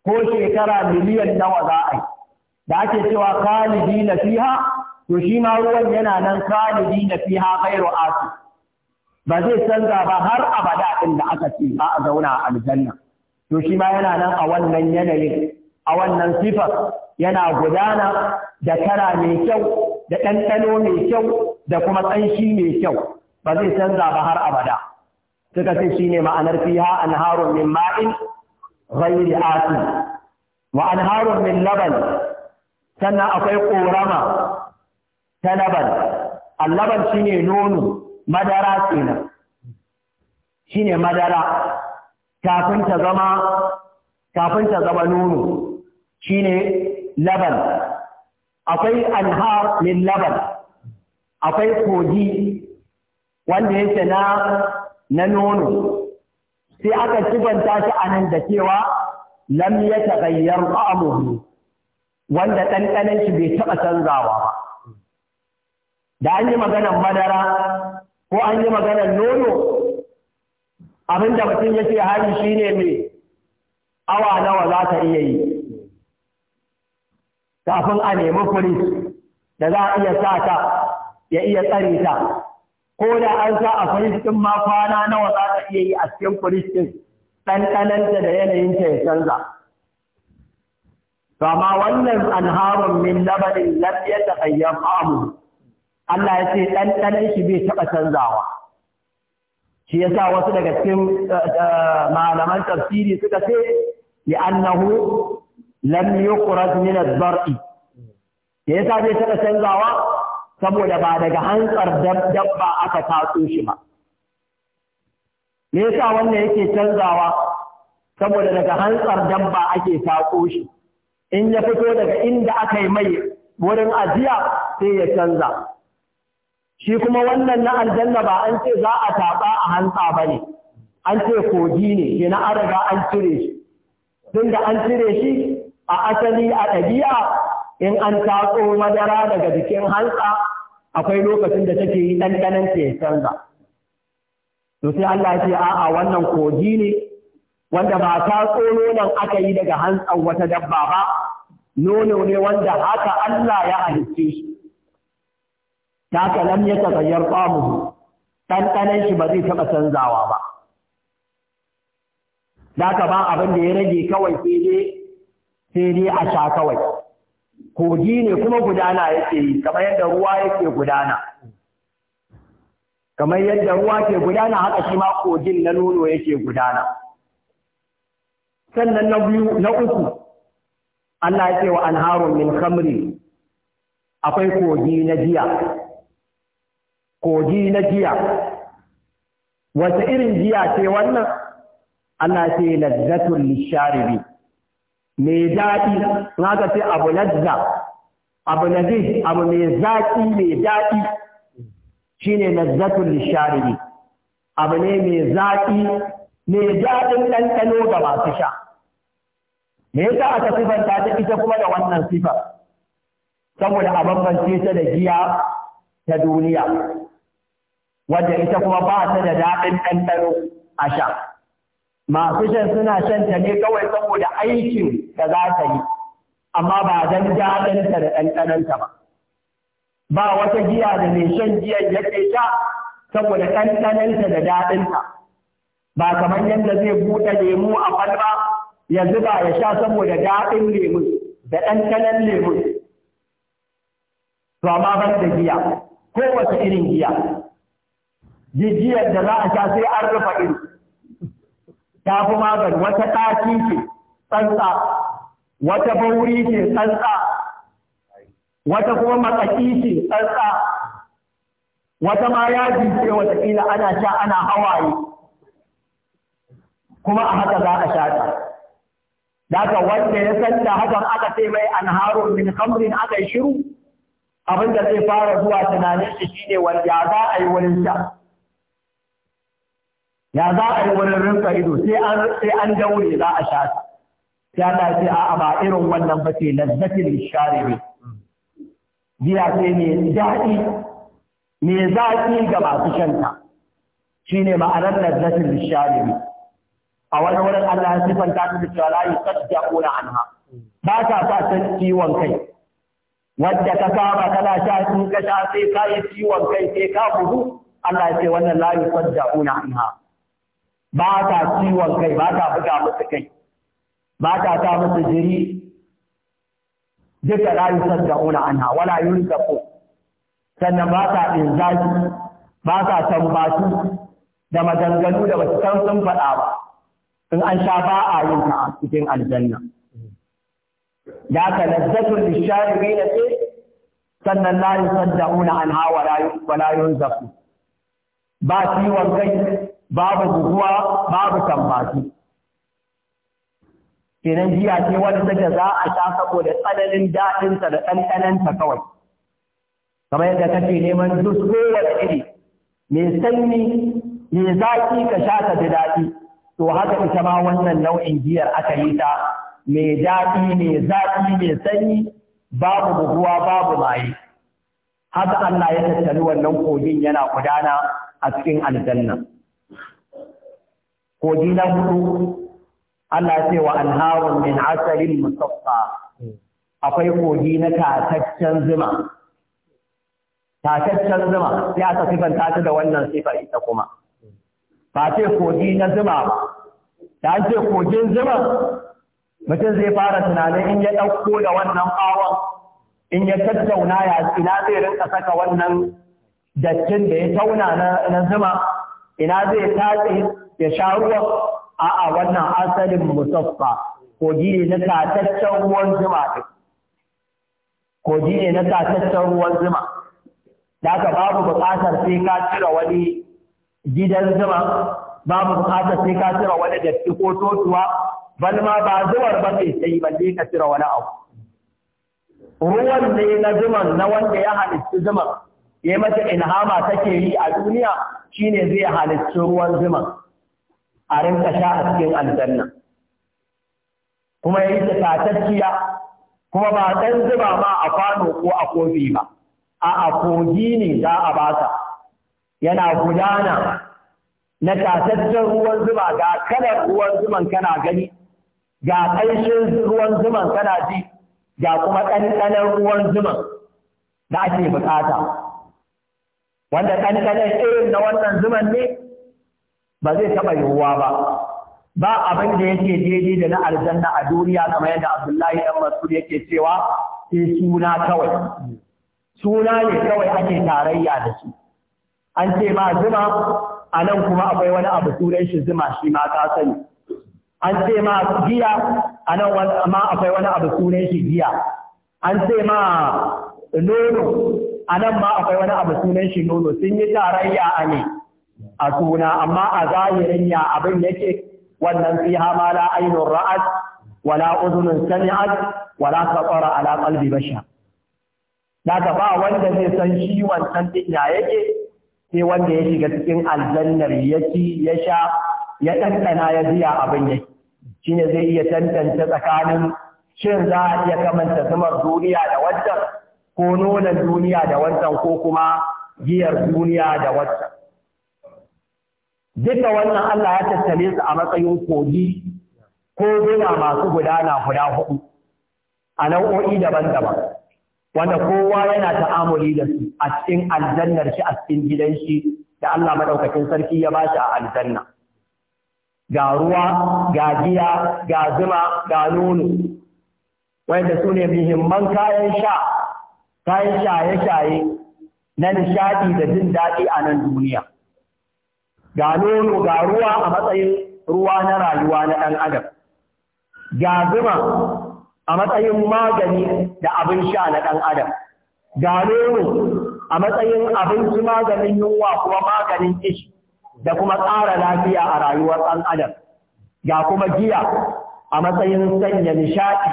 ko shekara miliyan nawa za a yi da ake cewa khalidi na fiha to shi ma ruwan yana nan khalidi na fiha gairu asi ba zai canza ba har abada din da aka ce ba a zauna a aljanna to shi ma yana nan a wannan yanayin a wannan sifar yana gudana da kara mai kyau da ɗanɗano mai kyau da kuma tsanshi mai kyau ba zai canza ba har abada suka ce ne ma'anar fiha anharun min ma'in ghairi asin wa anharun min laban sannan akwai korama ta laban allaban ne nono madara kenan ne madara kafin ta zama kafin ta zama nono ne. laban akwai anhar min laban akwai kogi wanda yake na na nono sai aka kibanta shi a nan da cewa lam ya tagayyar ta'amuhu wanda ɗanɗanon shi bai taɓa canzawa ba da an yi maganar madara ko an yi maganar nono abinda mutum ya ce hari shine mai awa nawa za ta iya yi kafin a nemi fure da za a iya sa ta ya iya tsare ta ko da an sa a firis cikin ma kwana nawa za ta iya yi a cikin firis ɗin ɗanɗananta da yanayin ta ya canza. amma wannan anharun min labarin lafiyar da bayan amu, Allah ya ce ɗanɗanan shi bai taɓa canzawa. Shi ya sa wasu daga cikin eh, eh, malaman tafsiri suka ce, li annahu lam yuqrad min ad-dar'i ke yasa bai taɓa canzawa saboda ba daga hantsar dabba aka tatso shi ba me yasa wannan yake canzawa saboda daga hantsar dabba ake tatso shi in ya fito daga inda aka yi mai wurin ajiya sai ya canza shi kuma wannan na aljanna ba an ce za a taɓa a hantsa ba ne an ce kogi ne ke na an riga an cire shi tun da an cire shi a asali a ɗabi'a in an tatso madara daga jikin hantsa akwai lokacin da take yi ɗanɗanon ta ya canza to sai Allah ce a'a wannan kogi ne wanda ba tatso nonon aka yi daga hantsan wata dabba ba nono ne wanda haka Allah ya halicce shi ta ka lam ya tagayyar mu ɗanɗanon shi ba zai taɓa canzawa ba. Da ka ba abin da ya rage kawai sai dai sai dai a sha kawai kogi ne kuma gudana yake yi kamar yadda ruwa yake gudana kamar yadda ruwa ke gudana haka shi ma kogin na nono yake gudana sannan na biyu na uku Allah ya ce wa anharun min khamri akwai kogi na jiya kogi na jiya wata irin jiya ce wannan Allah ce lazzatul lisharibi mai daɗi na ga sai abu lazza abu nazis abu mai zaƙi mai daɗi shine lazzatul nishadi. abu ne mai zaƙi mai daɗin ɗanɗano ga masu sha me yasa aka sifanta ta ita kuma da wannan sifar saboda a bambance ta da giya ta duniya Wanda ita kuma ba ta da daɗin ɗanɗano a sha masu shan suna shan ta ne kawai saboda aikin da za ta yi amma ba don ta da ɗanɗanonta ba ba wata giya da mai shan giyan ya ke sha saboda ɗanɗanonta da daɗinta ba kamar yadda zai buɗe lemu a kwalba ya zuba ya sha saboda daɗin lemu da ɗanɗanon lemun to amma ban da giya Ko kowace irin giya Jijiyar da za a sha sai an rufa iri ta fi magani wata ɗaki ce tsantsa wata bauri ce tsantsa wata kuma matsaki ce tsantsa wata ma yaji ce watakila ana sha ana hawaye kuma a haka za a sha ta Daga wanda ya san da hakan aka ce mai haro min kamrin aka yi shiru da zai fara zuwa tunanin shi shine wanda za a yi wurin sha ya za a yi wani rinsa ido sai an daure za a sha ta ya ta ce a ba irin wannan ba ce lazzatin sharibi giya sai mai daɗi mai zaƙi ga masu shanta shi ne ma'anar lazzatin sharibi a wani wurin Allah ya sifanta ta da cewa la yusaddiquna anha ba ta sa san ciwon kai wadda ka saba kana sha in ka sha sai ka yi ciwon kai sai ka buhu Allah ya ce wannan la yusaddiquna anha ba ta ciwon kai ba ta buga musu kai ba ta ta musu jiri duka la yusaddauna anha wala yunzafu sannan ba ta zaki, ba ta tambatu da maganganu da wasu san sun faɗa ba in an sha ba a yin ta a cikin aljanna ya ka lazzatu lishari ce sannan la yusaddauna anha wala wala yunzafu ba ciwon kai babu guguwa babu tambaki kenan jiya ce wani take za a sha saboda tsananin daɗinsa da ɗanɗananta kawai kamar yadda kake neman jus kowane iri mai sanyi mai zaƙi ka sha ka ji daɗi to haka ita ma wannan nau'in giyar aka yi ta mai daɗi mai zaƙi mai sanyi babu buguwa babu maye haka Allah ya tattali wannan kogin yana gudana a cikin aljanna ko na hudu Allah ce wa anharun min asalin musaffa akwai kogi na tataccen zuma tataccen zuma sai aka sifanta ta da wannan sifar ita kuma ba ce kogi na zuma ba ta ce kogin zuma mutum zai fara tunanin in ya ɗauko da wannan ɓawon in ya tattauna ya ina zai rinka saka wannan dattin da ya tauna na zuma ina zai tafi ya sha ruwa a'a wannan asalin musaffa kogi ne na tataccen ruwan zuma ɗin kogi ne na tataccen ruwan zuma da ka babu buƙatar sai ka cire wani gidan zuma babu buƙatar sai ka cire wani datti ko totuwa bal ma ba zuwar ba sai sai balle ka cire wani abu ruwan ne na zuman na wanda ya halitta zuman ya mata inhama take yi a duniya shine zai halicci ruwan zuma a rinka sha a cikin aljanna kuma yayi ta tatacciya kuma ba ɗan zuma ma a kwano ko a kofi ba a a kogi ne za a baka. yana gudana na tataccen ruwan zuma ga kalar ruwan zuman kana gani ga ƙanshin ruwan zuman kana ji ga kuma ɗanɗanon ruwan zuman da ake bukata wanda ɗanɗanen irin na wannan zuman ne ba zai taɓa yiwuwa ba ba abin da yake daidai da na aljanna a duniya kamar yadda abdullahi dan masud yake cewa sai suna kawai suna ne kawai ake tarayya da shi an ce ma zuma a nan kuma akwai wani abu turan shi zuma shi ma ka sani an ce ma giya a nan ma akwai wani abu turan shi giya an ce ma nono a nan ma akwai wani abu sunan shi nono sun yi tarayya a ne a suna amma a zahirin ya abin yake wannan fi hama la ainun ra'at wala uzunun sami'at wala khatara ala qalbi Na daga ba wanda zai san shi wancan din ya yake sai wanda ya shiga cikin aljannar ya ci ya sha ya ɗanɗana ya biya abin yake shine zai iya tantance tsakanin shin za a iya kamanta zumar duniya da wajen ko nonon duniya da wancan ko kuma giyar duniya da wancan. Duka wannan Allah ya tattale su a matsayin kogi ko gina masu gudana guda hudu a nau'o'i daban-daban, wanda kowa yana ta'amuli da su a cikin aljannar shi a cikin gidan shi da Allah madaukakin sarki ya bashi a aljanna. Ga ruwa, ga giya, ga zuma, ga nono, wanda sune ne muhimman kayan sha ta shaye-shaye na nishadi da jin daɗi a nan duniya. Ga nono ga ruwa a matsayin ruwa na rayuwa na ɗan adam. Ga zuma a matsayin magani da abin sha na ɗan adam. Ga nono a matsayin abinci maganin yunwa kuma maganin kishi da kuma ƙara lafiya a rayuwar ɗan adam. Ga kuma giya a matsayin sanya nishadi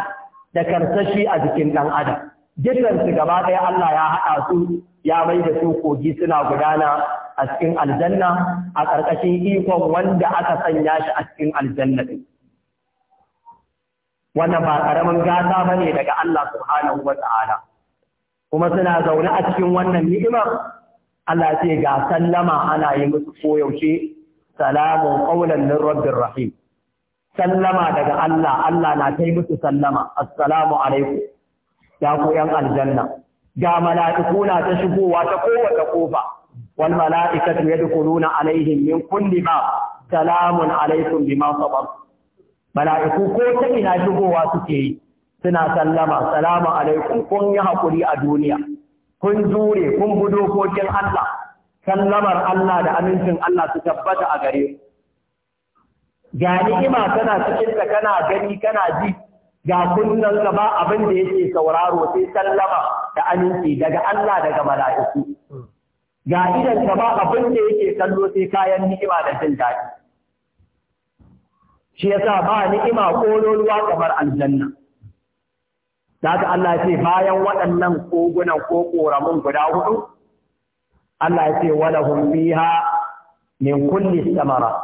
da karsashi a jikin ɗan adam. dukansu gaba ɗaya Allah ya haɗa su ya mai da su kogi suna gudana a cikin aljanna a ƙarƙashin ikon wanda aka sanya shi a cikin aljanna ɗin. Wannan ba ƙaramin gasa ba ne daga Allah subhanahu wa ta'ala. Kuma suna zaune a cikin wannan ni'imar Allah ce ga sallama ana yi musu koyaushe salamun ƙaunar min rabbin rahim. Sallama daga Allah, Allah na kai musu sallama, assalamu alaikum. ya ku ‘yan aljanna, ga mala'iku na ta shigowa ta kowace kofa, wal mala'ikatu ya nuna alaihim min kulli ba, salamun alaikum bima sabar. Mala'iku ko ta ina shigowa suke yi, suna sallama, salamun alaikum kun yi haƙuri a duniya, kun jure, kun bi dokokin Allah, sallamar Allah da amincin Allah su tabbata a gare ku. Ga ni'ima kana cikinta kana gani kana ji, ga kunnan ka ba abin da yake sauraro sai sallama da aminci daga Allah daga mala'iku ga idan ka ba abin da yake kallo sai kayan ni'ima da jin daɗi shi yasa ba ni'ima ko ruwa kamar aljanna Daga Allah ce bayan waɗannan kogunan ko ƙoramin guda hudu, Allah ya ce wala fiha min kulli samara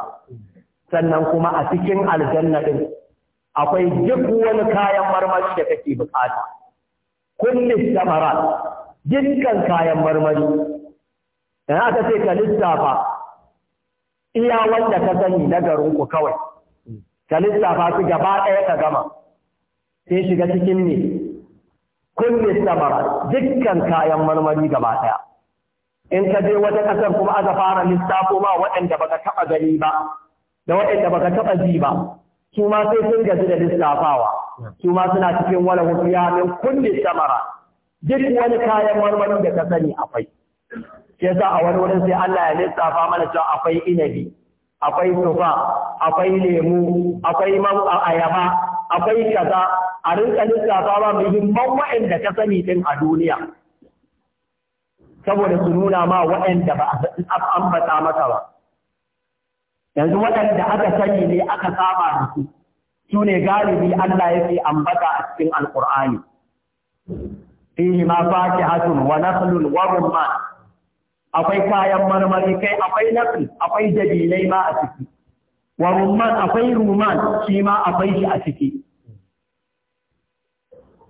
sannan kuma a cikin aljanna din akwai duk wani kayan marmari da kake bukata kullu samara dukkan kayan marmari dan aka ce ka lissafa iya wanda ka sani na ku kawai ka lissafa su gaba ɗaya ka gama sai shiga cikin ne kullu samara dukkan kayan marmari gaba ɗaya in ka je wata ƙasar kuma aka fara lissafo ma waɗanda baka taɓa gani ba da waɗanda baka taɓa ji ba su ma sai sun gaji da lissafawa su ma suna cikin wani hufiya min kulli samara duk wani kayan marmarin da ka sani akwai ke sa a wani wurin sai Allah ya lissafa mana cewa akwai inabi akwai tufa akwai lemu akwai man ayaba akwai kaza a rinka lissafa ba muhimman wa'anda ka sani din a duniya saboda su nuna ma wa'anda ba a ambata maka ba yanzu waɗanda aka sani ne aka saba da su su ne galibi Allah ya yake ambata a cikin Alƙur'ani. fihi ma fakihatun wa nakhlun wa rumman akwai kayan marmari kai akwai nafi akwai dabilai ma a ciki wa rumman akwai ruman shi ma akwai shi a ciki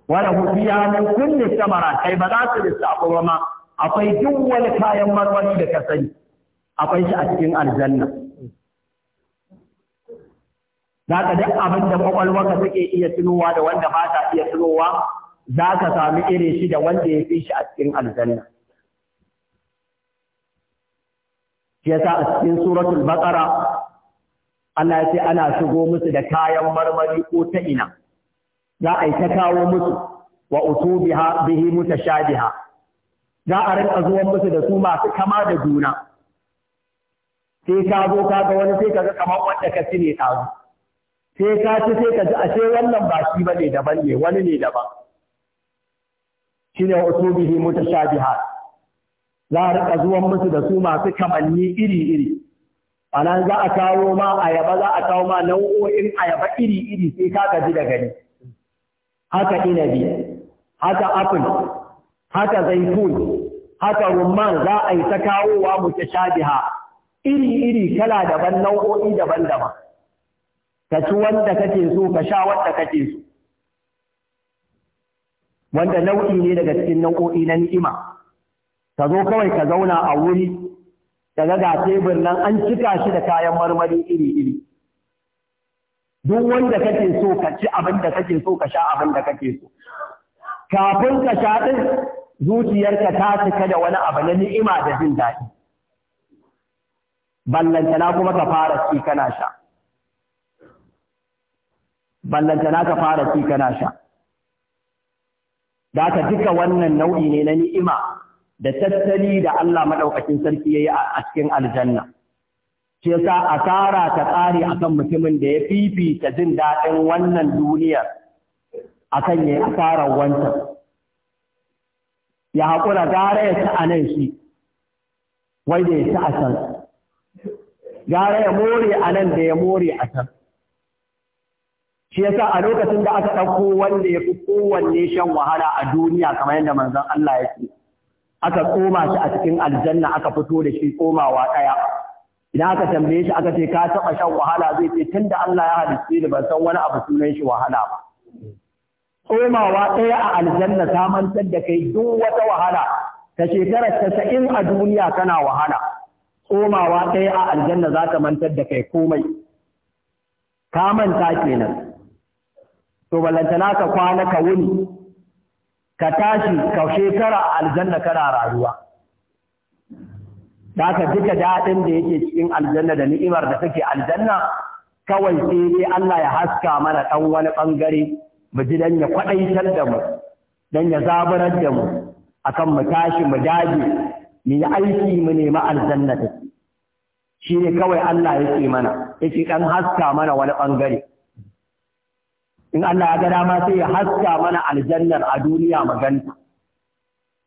wala hubiya mun kulli samara kai ba za su lissafa ba ma akwai duk wani kayan marmari da ka sani akwai shi a cikin aljanna za ka duk abin da kwakwalwarka take iya tunowa da wanda ba ta iya tunowa za ka sami irin shi da wanda ya fi shi a cikin aljanna shi yasa a cikin suratul baqara Allah ya ce ana shigo musu da kayan marmari ko ta ina za a yi ta kawo musu wa utubiha bihi mutashabiha za a rinka zuwa musu da su masu kama da juna sai ka zo ka ga wani sai ka ga kamar wanda ka cire ɗazu sai ka ci sai ka ji ashe wannan ba shi bane daban ne wani ne daban shine utubihi mutashabihat za a rika zuwan musu da su masu kamanni iri iri anan za a kawo ma ayaba za a kawo ma nau'o'in ayaba iri iri sai ka gaji da gari. haka inabi haka apple haka zaitun haka rumman za a yi ta kawowa mutashabiha iri iri kala daban nau'o'i daban daban ka ci wanda kake so ka sha wanda kake so wanda nau'i ne daga cikin nau'o'i na ni'ima ka zo kawai ka zauna a wuri ka ga ga tebur nan an cika shi da kayan marmari iri iri duk wanda kake so ka ci abin da kake so ka sha abin da kake so kafin ka sha din zuciyarka ta cika da wani abu na ni'ima da jin daɗi ballantana kuma ka fara ci kana sha Ballanta naka fara ci kana sha da ka duka wannan nau'i ne na ni'ima da tattali da Allah madaukakin sarki yayi a cikin aljanna shi yasa asara ta tsari akan mutumin da ya fifita jin daɗin wannan duniyar akan yayi asarar wancan ya haƙura gara ya ci a nan shi wai da ya ci a can gara ya more a nan da ya more a can shi yasa a lokacin da aka ɗauko wanda ya fi kowanne shan wahala a duniya kamar yadda manzon Allah ya ce aka koma shi a cikin aljanna aka fito da shi komawa ɗaya idan aka tambaye shi aka ce ka taɓa shan wahala zai ce tun da Allah ya halicce ni ban san wani abu sunan shi wahala ba komawa ɗaya a aljanna ta mantar da kai duk wata wahala ta shekarar tasa'in a duniya kana wahala komawa ɗaya a aljanna za ta mantar da kai komai ka manta kenan to ballantana ka kwana ka wuni ka tashi ka shekara aljanna kana rayuwa da ka duka daɗin da yake cikin aljanna da ni'imar da take aljanna kawai sai dai Allah ya haska mana ɗan wani ɓangare mu ji dan ya kwaɗaitar da mu dan ya zaburar da mu akan mu tashi mu dage mu yi aiki mu nemi aljanna take shi ne kawai Allah yake mana yake ɗan haska mana wani ɓangare in Allah ya ga dama sai ya haska mana aljannar a duniya maganta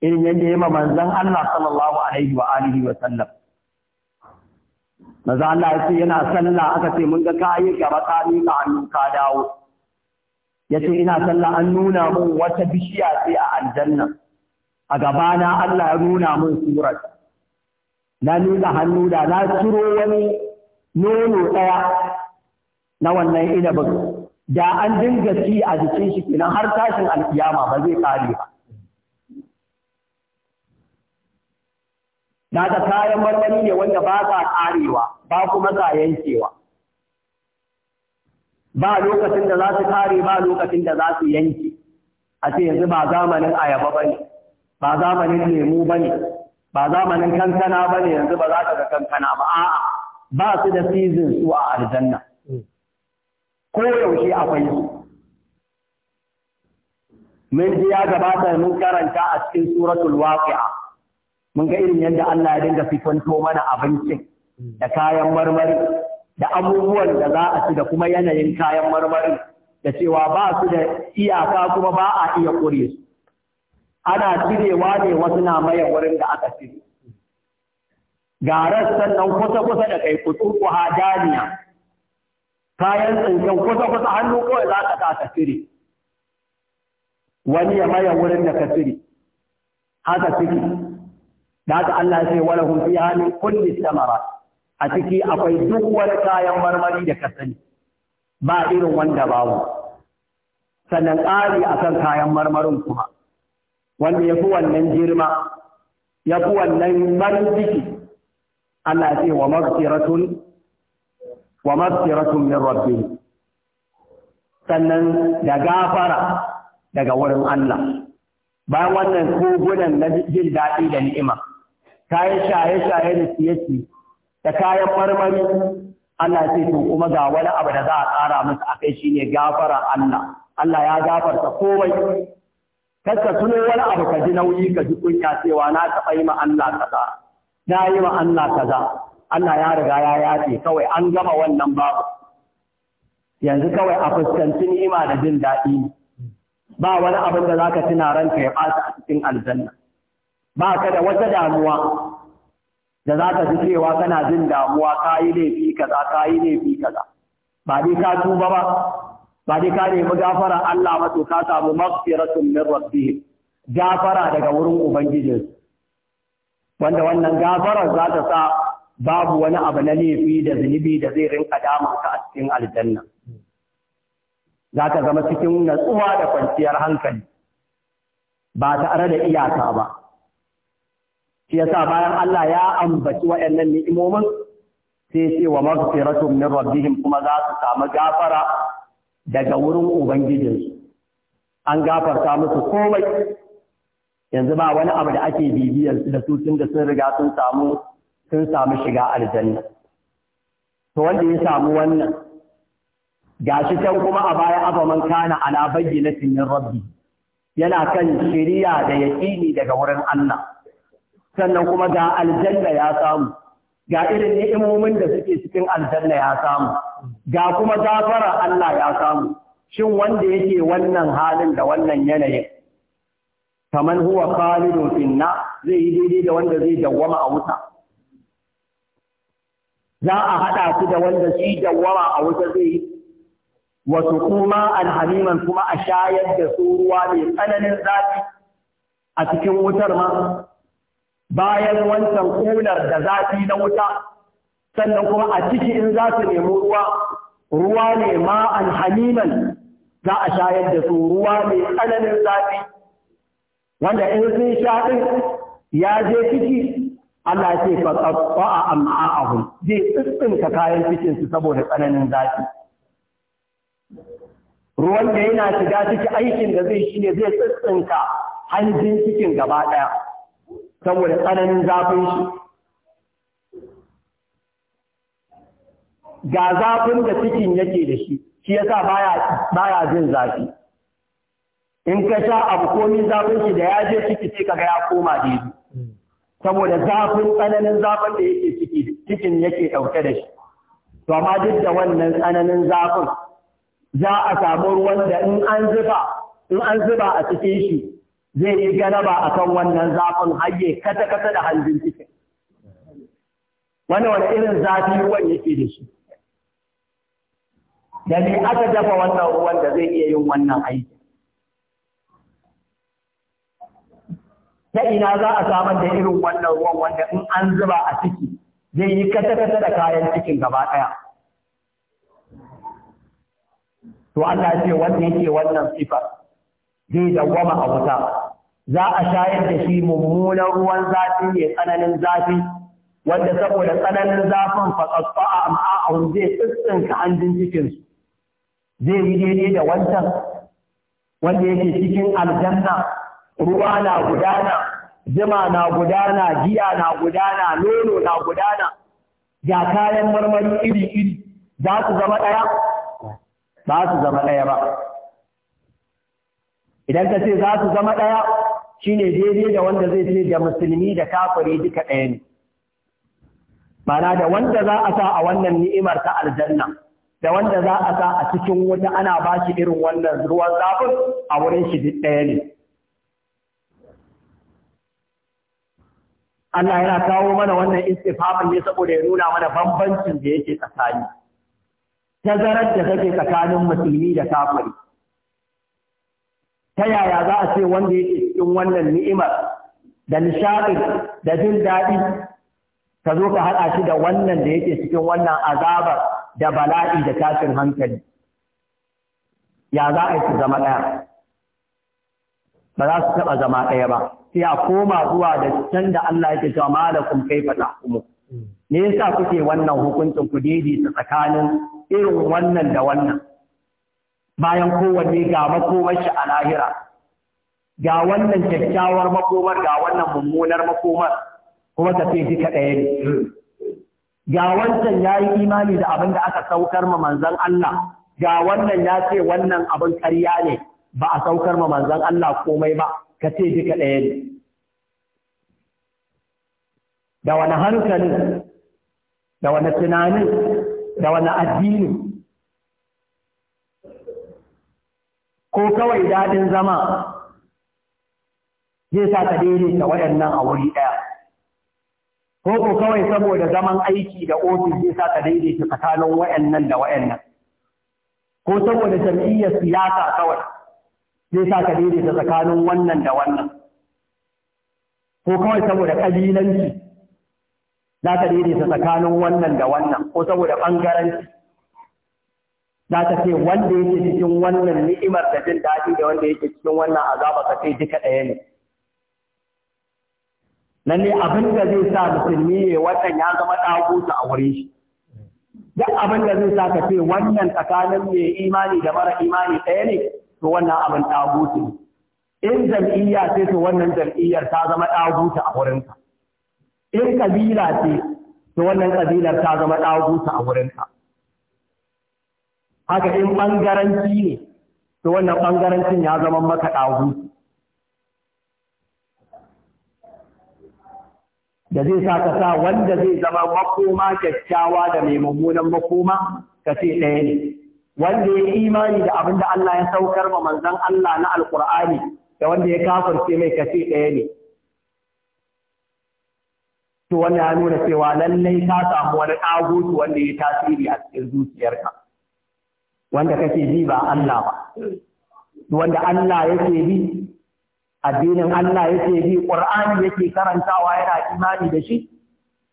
irin yadda ya ma manzon Allah sallallahu alaihi wa alihi wa sallam maza Allah ya yana sallah aka ce mun ga kayi gaba ka miƙa hannu ka dawo ya ce ina sallah an nuna mun wata bishiya sai a aljanna a gaba na Allah ya nuna mun surat na nuna hannu da na ciro wani nono ɗaya na wannan inabin da an dinga ci a jikin shi kenan har tashin alkiyama ba zai kare ba Na da kayan marmari ne wanda ba sa karewa, ba kuma sa yankewa. Ba lokacin da za su kare ba lokacin da za su yanke. A ce yanzu ba zamanin ayaba ba ne, ba zamanin lemu ba ne, ba zamanin kankana ba ne yanzu ba za ka ga kankana ba. A'a, ba su da season su a aljanna. ko yaushe akwai su mun ji ya gabata mun karanta a cikin suratul waqi'a mun ga irin yadda Allah ya dinga fitanto mana abincin da kayan marmari da abubuwan da za a ci da kuma yanayin kayan marmari da cewa ba su da iyaka kuma ba a iya ƙure su ana cirewa ne wasu na maye wurin da aka cire garar sannan kusa-kusa da kai ku hajaniya kayan tsinken kusa-kusa, hannu kawai za ka sa ka wani ya maye wurin da ka cire haka ciki da haka Allah sai wani hunfi fiha kulli samara a ciki akwai duk wani kayan marmari da ka sani ba irin wanda babu sannan ƙari akan kayan marmarin kuma wanda ya fi wannan girma ya fi wannan farin ciki Allah sai wa ratun wa maghfiratun min rabbi sannan da gafara daga wurin Allah bayan wannan gudan na jin daɗi da ni'ima kayan shaye-shaye da siyaci da kayan marmari Allah sai to kuma ga wani abu da za a tsara masa a kai shine gafara Allah Allah ya gafarta komai kaka tuno wani abu ka ji nauyi ka ji kunya cewa na taɓa yi ma Allah kaza na yi ma Allah kaza Allah ya riga ya yafe kawai an gama wannan babu yanzu kawai a fuskanci ni'ima da jin daɗi ba wani abin da zaka tuna ranka ya ɓata a cikin aljanna ba ka da wata damuwa da za ka ji cewa kana jin damuwa ka yi laifi kaza ka yi laifi kaza ba dai ka tuba ba ba dai ka nemi gafara Allah ba to ka samu maghfiratun min rabbihim gafara daga wurin ubangijinsu wanda wannan gafarar za ta sa babu wani abu na laifi da zunubi da zai rinka dama ka a cikin aljanna za ka zama cikin natsuwa da kwanciyar hankali ba tare da iyaka ba shi yasa bayan Allah ya ambaci waɗannan ni'imomin sai ce wa maghfiratum min rabbihim kuma za su samu gafara daga wurin ubangijinsu an gafarta musu komai yanzu ba wani abu da ake bibiyar da su tun da sun riga sun samu sun samu shiga aljanna to wanda ya samu wannan gashi can kuma a baya aba man kana ala bayyinatin min rabbi yana kan shiriya da yaqini daga wurin Allah sannan kuma ga aljanna ya samu ga irin ni'imomin da suke cikin aljanna ya samu ga kuma gafara Allah ya samu shin wanda yake wannan halin da wannan yanayin kaman huwa khalidun finna zai yi daidai da wanda zai dawwama a wuta za a haɗa su da wanda shi dawwama a wuta zai yi wasu kuma alhamiman kuma a shayar da su ruwa mai tsananin zafi a cikin wutar ma bayan wancan kular da zafi na wuta sannan kuma a ciki in za su nemi ruwa ruwa ne ma alhamiman za a shayar da su ruwa mai tsananin zafi wanda in sun sha ɗin ya je ciki Allah ce fa tsafa'a am'a'ahum zai tsintsinka kayan cikin su saboda tsananin zafi ruwan da yana shiga ciki aikin da zai shine zai tsintsinka hanjin cikin gaba daya saboda tsananin zafin shi ga zafin da cikin yake da shi shi yasa baya baya jin zafi in ka sha abu komi zafin shi da ya je ciki sai kaga ya koma daidai saboda zafin tsananin zafin da yake ciki cikin yake ɗauke da shi to amma duk da wannan tsananin zafin za a samu ruwan da in an zuba in an zuba a cikin shi zai yi galaba kan wannan zafin hayye kata kata da hanjin cikin wani wani irin zafi ruwan yake da shi da ni aka dafa wannan ruwan da zai iya yin wannan aiki ta ina za a samar da irin wannan ruwan wanda in an zuba a ciki zai yi kata-kata da kayan cikin gaba ɗaya. To Allah ce wanda yake wannan sifa zai dawwama a wuta. Za a shayar da shi mummunan ruwan zafi mai tsananin zafi wanda saboda tsananin zafin fatsatsa a ma'a'un zai tsintsinka hanjin cikinsu. Zai yi daidai da wancan wanda yake cikin aljanna ruwa na gudana jima na gudana giya na gudana nono na gudana ga kayan marmari iri-iri za su zama ɗaya ba su zama ɗaya ba idan ka ce za su zama ɗaya shine daidai da wanda zai ce da musulmi da kafiri duka ɗaya ne mana da wanda za a sa a wannan ni'imar ta aljanna da wanda za a sa a cikin wuta ana ba shi irin wannan ruwan zafin a wurin shi duk ɗaya ne Allah yana kawo mana wannan istifaman ne saboda ya nuna mana bambancin da yake tsakani. Tazarar da take tsakanin musulmi da kafiri. Ta yaya za a ce wanda yake cikin wannan ni'imar da nishaɗi da jin daɗi ka zo ka haɗa shi da wannan da yake cikin wannan azabar da bala'i da tashin hankali. Ya za a yi zama ɗaya. ba za su taɓa zama ɗaya ba sai a koma zuwa da can da Allah yake cewa malakum kaifa tahkumu me yasa kuke wannan hukuncin ku daidaita tsakanin irin wannan da wannan bayan kowanne ga makomar shi a lahira ga wannan kyakkyawar makomar ga wannan mummunar makomar kuma ta fi duka ɗaya ne ga wancan ya yi imani da abin da aka saukar ma manzon Allah ga wannan ya ce wannan abin ƙarya ne ba a saukar ma manzan Allah komai ba ka ce duka ɗaya ne da wani hankalin da wani tunanin da wani addini ko kawai daɗin zama zai sa ka daidaita waɗannan a wuri ɗaya ko ko kawai saboda zaman aiki da ofis zai sa ka daidaita tsakanin waɗannan da waɗannan ko saboda jam'iyyar siyasa kawai zai sa ka daidaita tsakanin wannan da wannan ko kawai saboda kabilanci za ka daidaita tsakanin wannan da wannan ko saboda ɓangaranci za ka ce wanda yake cikin wannan ni'imar da jin daɗi da wanda yake cikin wannan azaba ka sai duka ɗaya ne ne abin da zai sa musulmi ne wannan ya zama ɗagusa a wurin shi duk abin da zai sa ka ce wannan tsakanin mai imani da mara imani ɗaya ne to wannan abin ɗaguti in jam'iyya ce to wannan jam'iyyar ta zama ɗaguta a wurinka in ƙabila ce to wannan ƙabilar ta zama ɗaguta a wurinka haka in ɓangaranci ne to wannan ɓangarancin ya zama maka ɗaguti da zai sa ka sa wanda zai zama makoma kyakkyawa da mai mummunan makoma ka ce ɗaya ne wanda ya imani da abin da Allah ya saukar ma manzon Allah na alqur'ani da wanda ya kafirce mai kace ɗaya ne to wannan ya nuna cewa lallai ka samu wani ɗagutu wanda ya tasiri a cikin zuciyarka wanda kake bi ba Allah ba wanda Allah yake bi addinin Allah yake bi Qur'ani yake karantawa yana imani da shi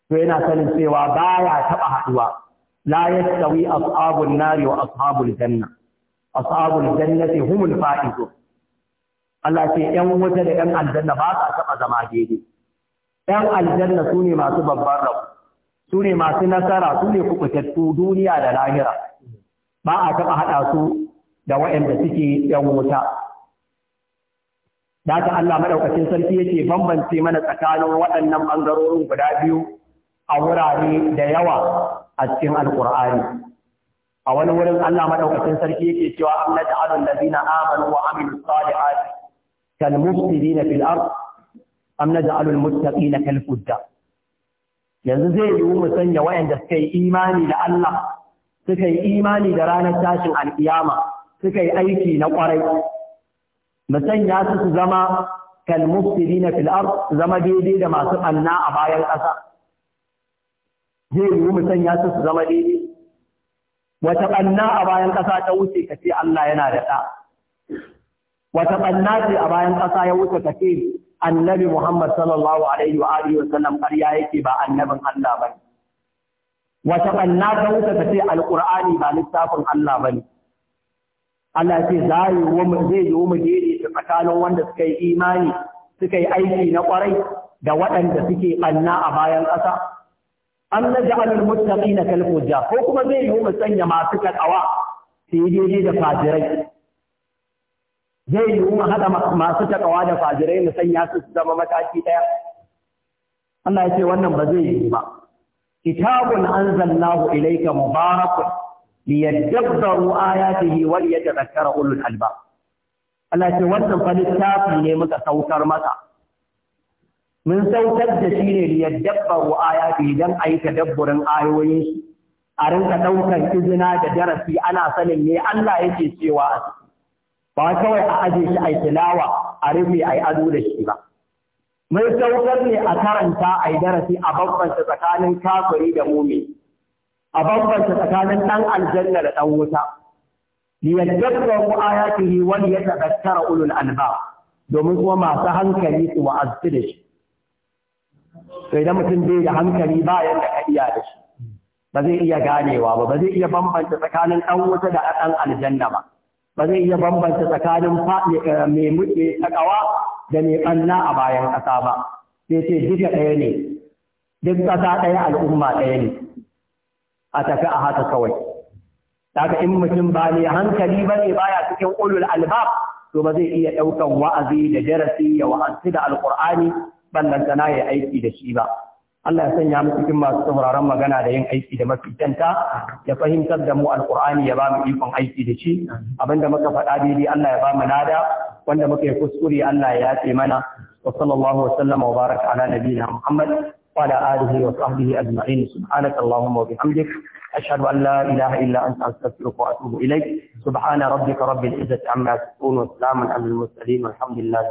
to yana sanin cewa baya taba haduwa la yastawi ashabun nari wa ashabul janna ashabul jannati humul faizun Allah ce ‘yan wuta da ‘yan aljanna ba sa taɓa zama daidai. ‘Yan aljanna su masu babban rabu, su masu nasara, su ne kuɓutattu duniya da lahira. Ba a taɓa haɗa su da waɗanda suke ‘yan wuta. Da ta Allah maɗaukacin sarki yake bambance mana tsakanin waɗannan ɓangarorin guda biyu a wurare da yawa a cikin alƙur'ani a wani wurin Allah madaukakin sarki yake cewa Allah ta'ala allazina amanu wa amilus salihati kal mufsidina fil ard am naj'alul muttaqina kal fujjar yanzu zai yiwu mu sanya wayanda suka yi imani da Allah suka yi imani da ranar tashin alkiyama suka yi aiki na ƙwarai. mu sanya su su zama kal mufsidina fil ard zama daidai da masu anna a bayan ƙasa zai yi mutum ya su zama daidai wata ɓanna a bayan ƙasa ta wuce ka ce Allah yana da ɗa wata ɓanna ce a bayan ƙasa ya wuce ka ce annabi Muhammad sallallahu alaihi wa alihi wa sallam ƙarya yake ba annabin Allah ba ne wata ɓanna ta wuce ka ce alƙur'ani ba littafin Allah ba ne Allah ce za yi zai yi mu daidaita tsakanin wanda suka yi imani suka yi aiki na ƙwarai da waɗanda suke ɓanna a bayan ƙasa an naj'al al-muttaqina kal fujjar ko kuma zai yi mu sanya masu takawa su yi daidai da fajirai zai yi mu hada masu takawa da fajirai mu sanya su zama mataki daya Allah ya ce wannan ba zai yi ba kitabun anzalnahu ilayka mubarakun liyadabbaru ayatihi wa liyatadhakkara ulul albab Allah ya ce wannan fa littafi ne muka saukar maka mun sautar da shi ne liyaddabbaru ayati dan ayi ta ayoyin shi a rinka ɗaukar izina da darasi ana sanin ne Allah yake cewa ba kawai a aje shi a tilawa a rufe a yi ado da shi ba mun sautar ne a karanta a yi darasi a bambanta tsakanin kafiri da mumi a bambanta tsakanin ɗan aljanna da ɗan wuta liyadabbaru ayatihi wal yatadhakkara ulul alba, domin kuma masu hankali su wa'azzu da shi to da mutum bai da hankali ba yadda ka iya da shi ba zai iya ganewa ba ba zai iya bambanta tsakanin ɗan wuta da ɗan aljanna ba ba zai iya bambanta tsakanin mai mutse takawa da mai ɓanna a bayan ƙasa ba sai ce duka ɗaya ne duk ƙasa ɗaya al'umma ɗaya ne a tafi a haka kawai haka in mutum ba ne hankali ba ne baya cikin ulul albab to ba zai iya ɗaukan wa'azi da darasi ya wa'azi da alƙur'ani ballantana ya aiki da shi ba Allah ya sanya mu cikin masu sauraron magana da yin aiki da mafi kyanta ya fahimtar da mu alkur'ani ya ba mu ikon aiki da shi abinda muka faɗa daidai Allah ya ba mu nada wanda muka yi kuskure Allah ya yafe mana wa sallallahu wa sallama wa baraka ala nabiyina Muhammad wa ala alihi wa sahbihi ajma'in subhanaka allahumma wa bihamdik ashhadu an la ilaha illa anta astaghfiruka wa atubu ilayk subhana rabbika rabbil izzati amma yasifun wa salamun alal mursalin walhamdulillahi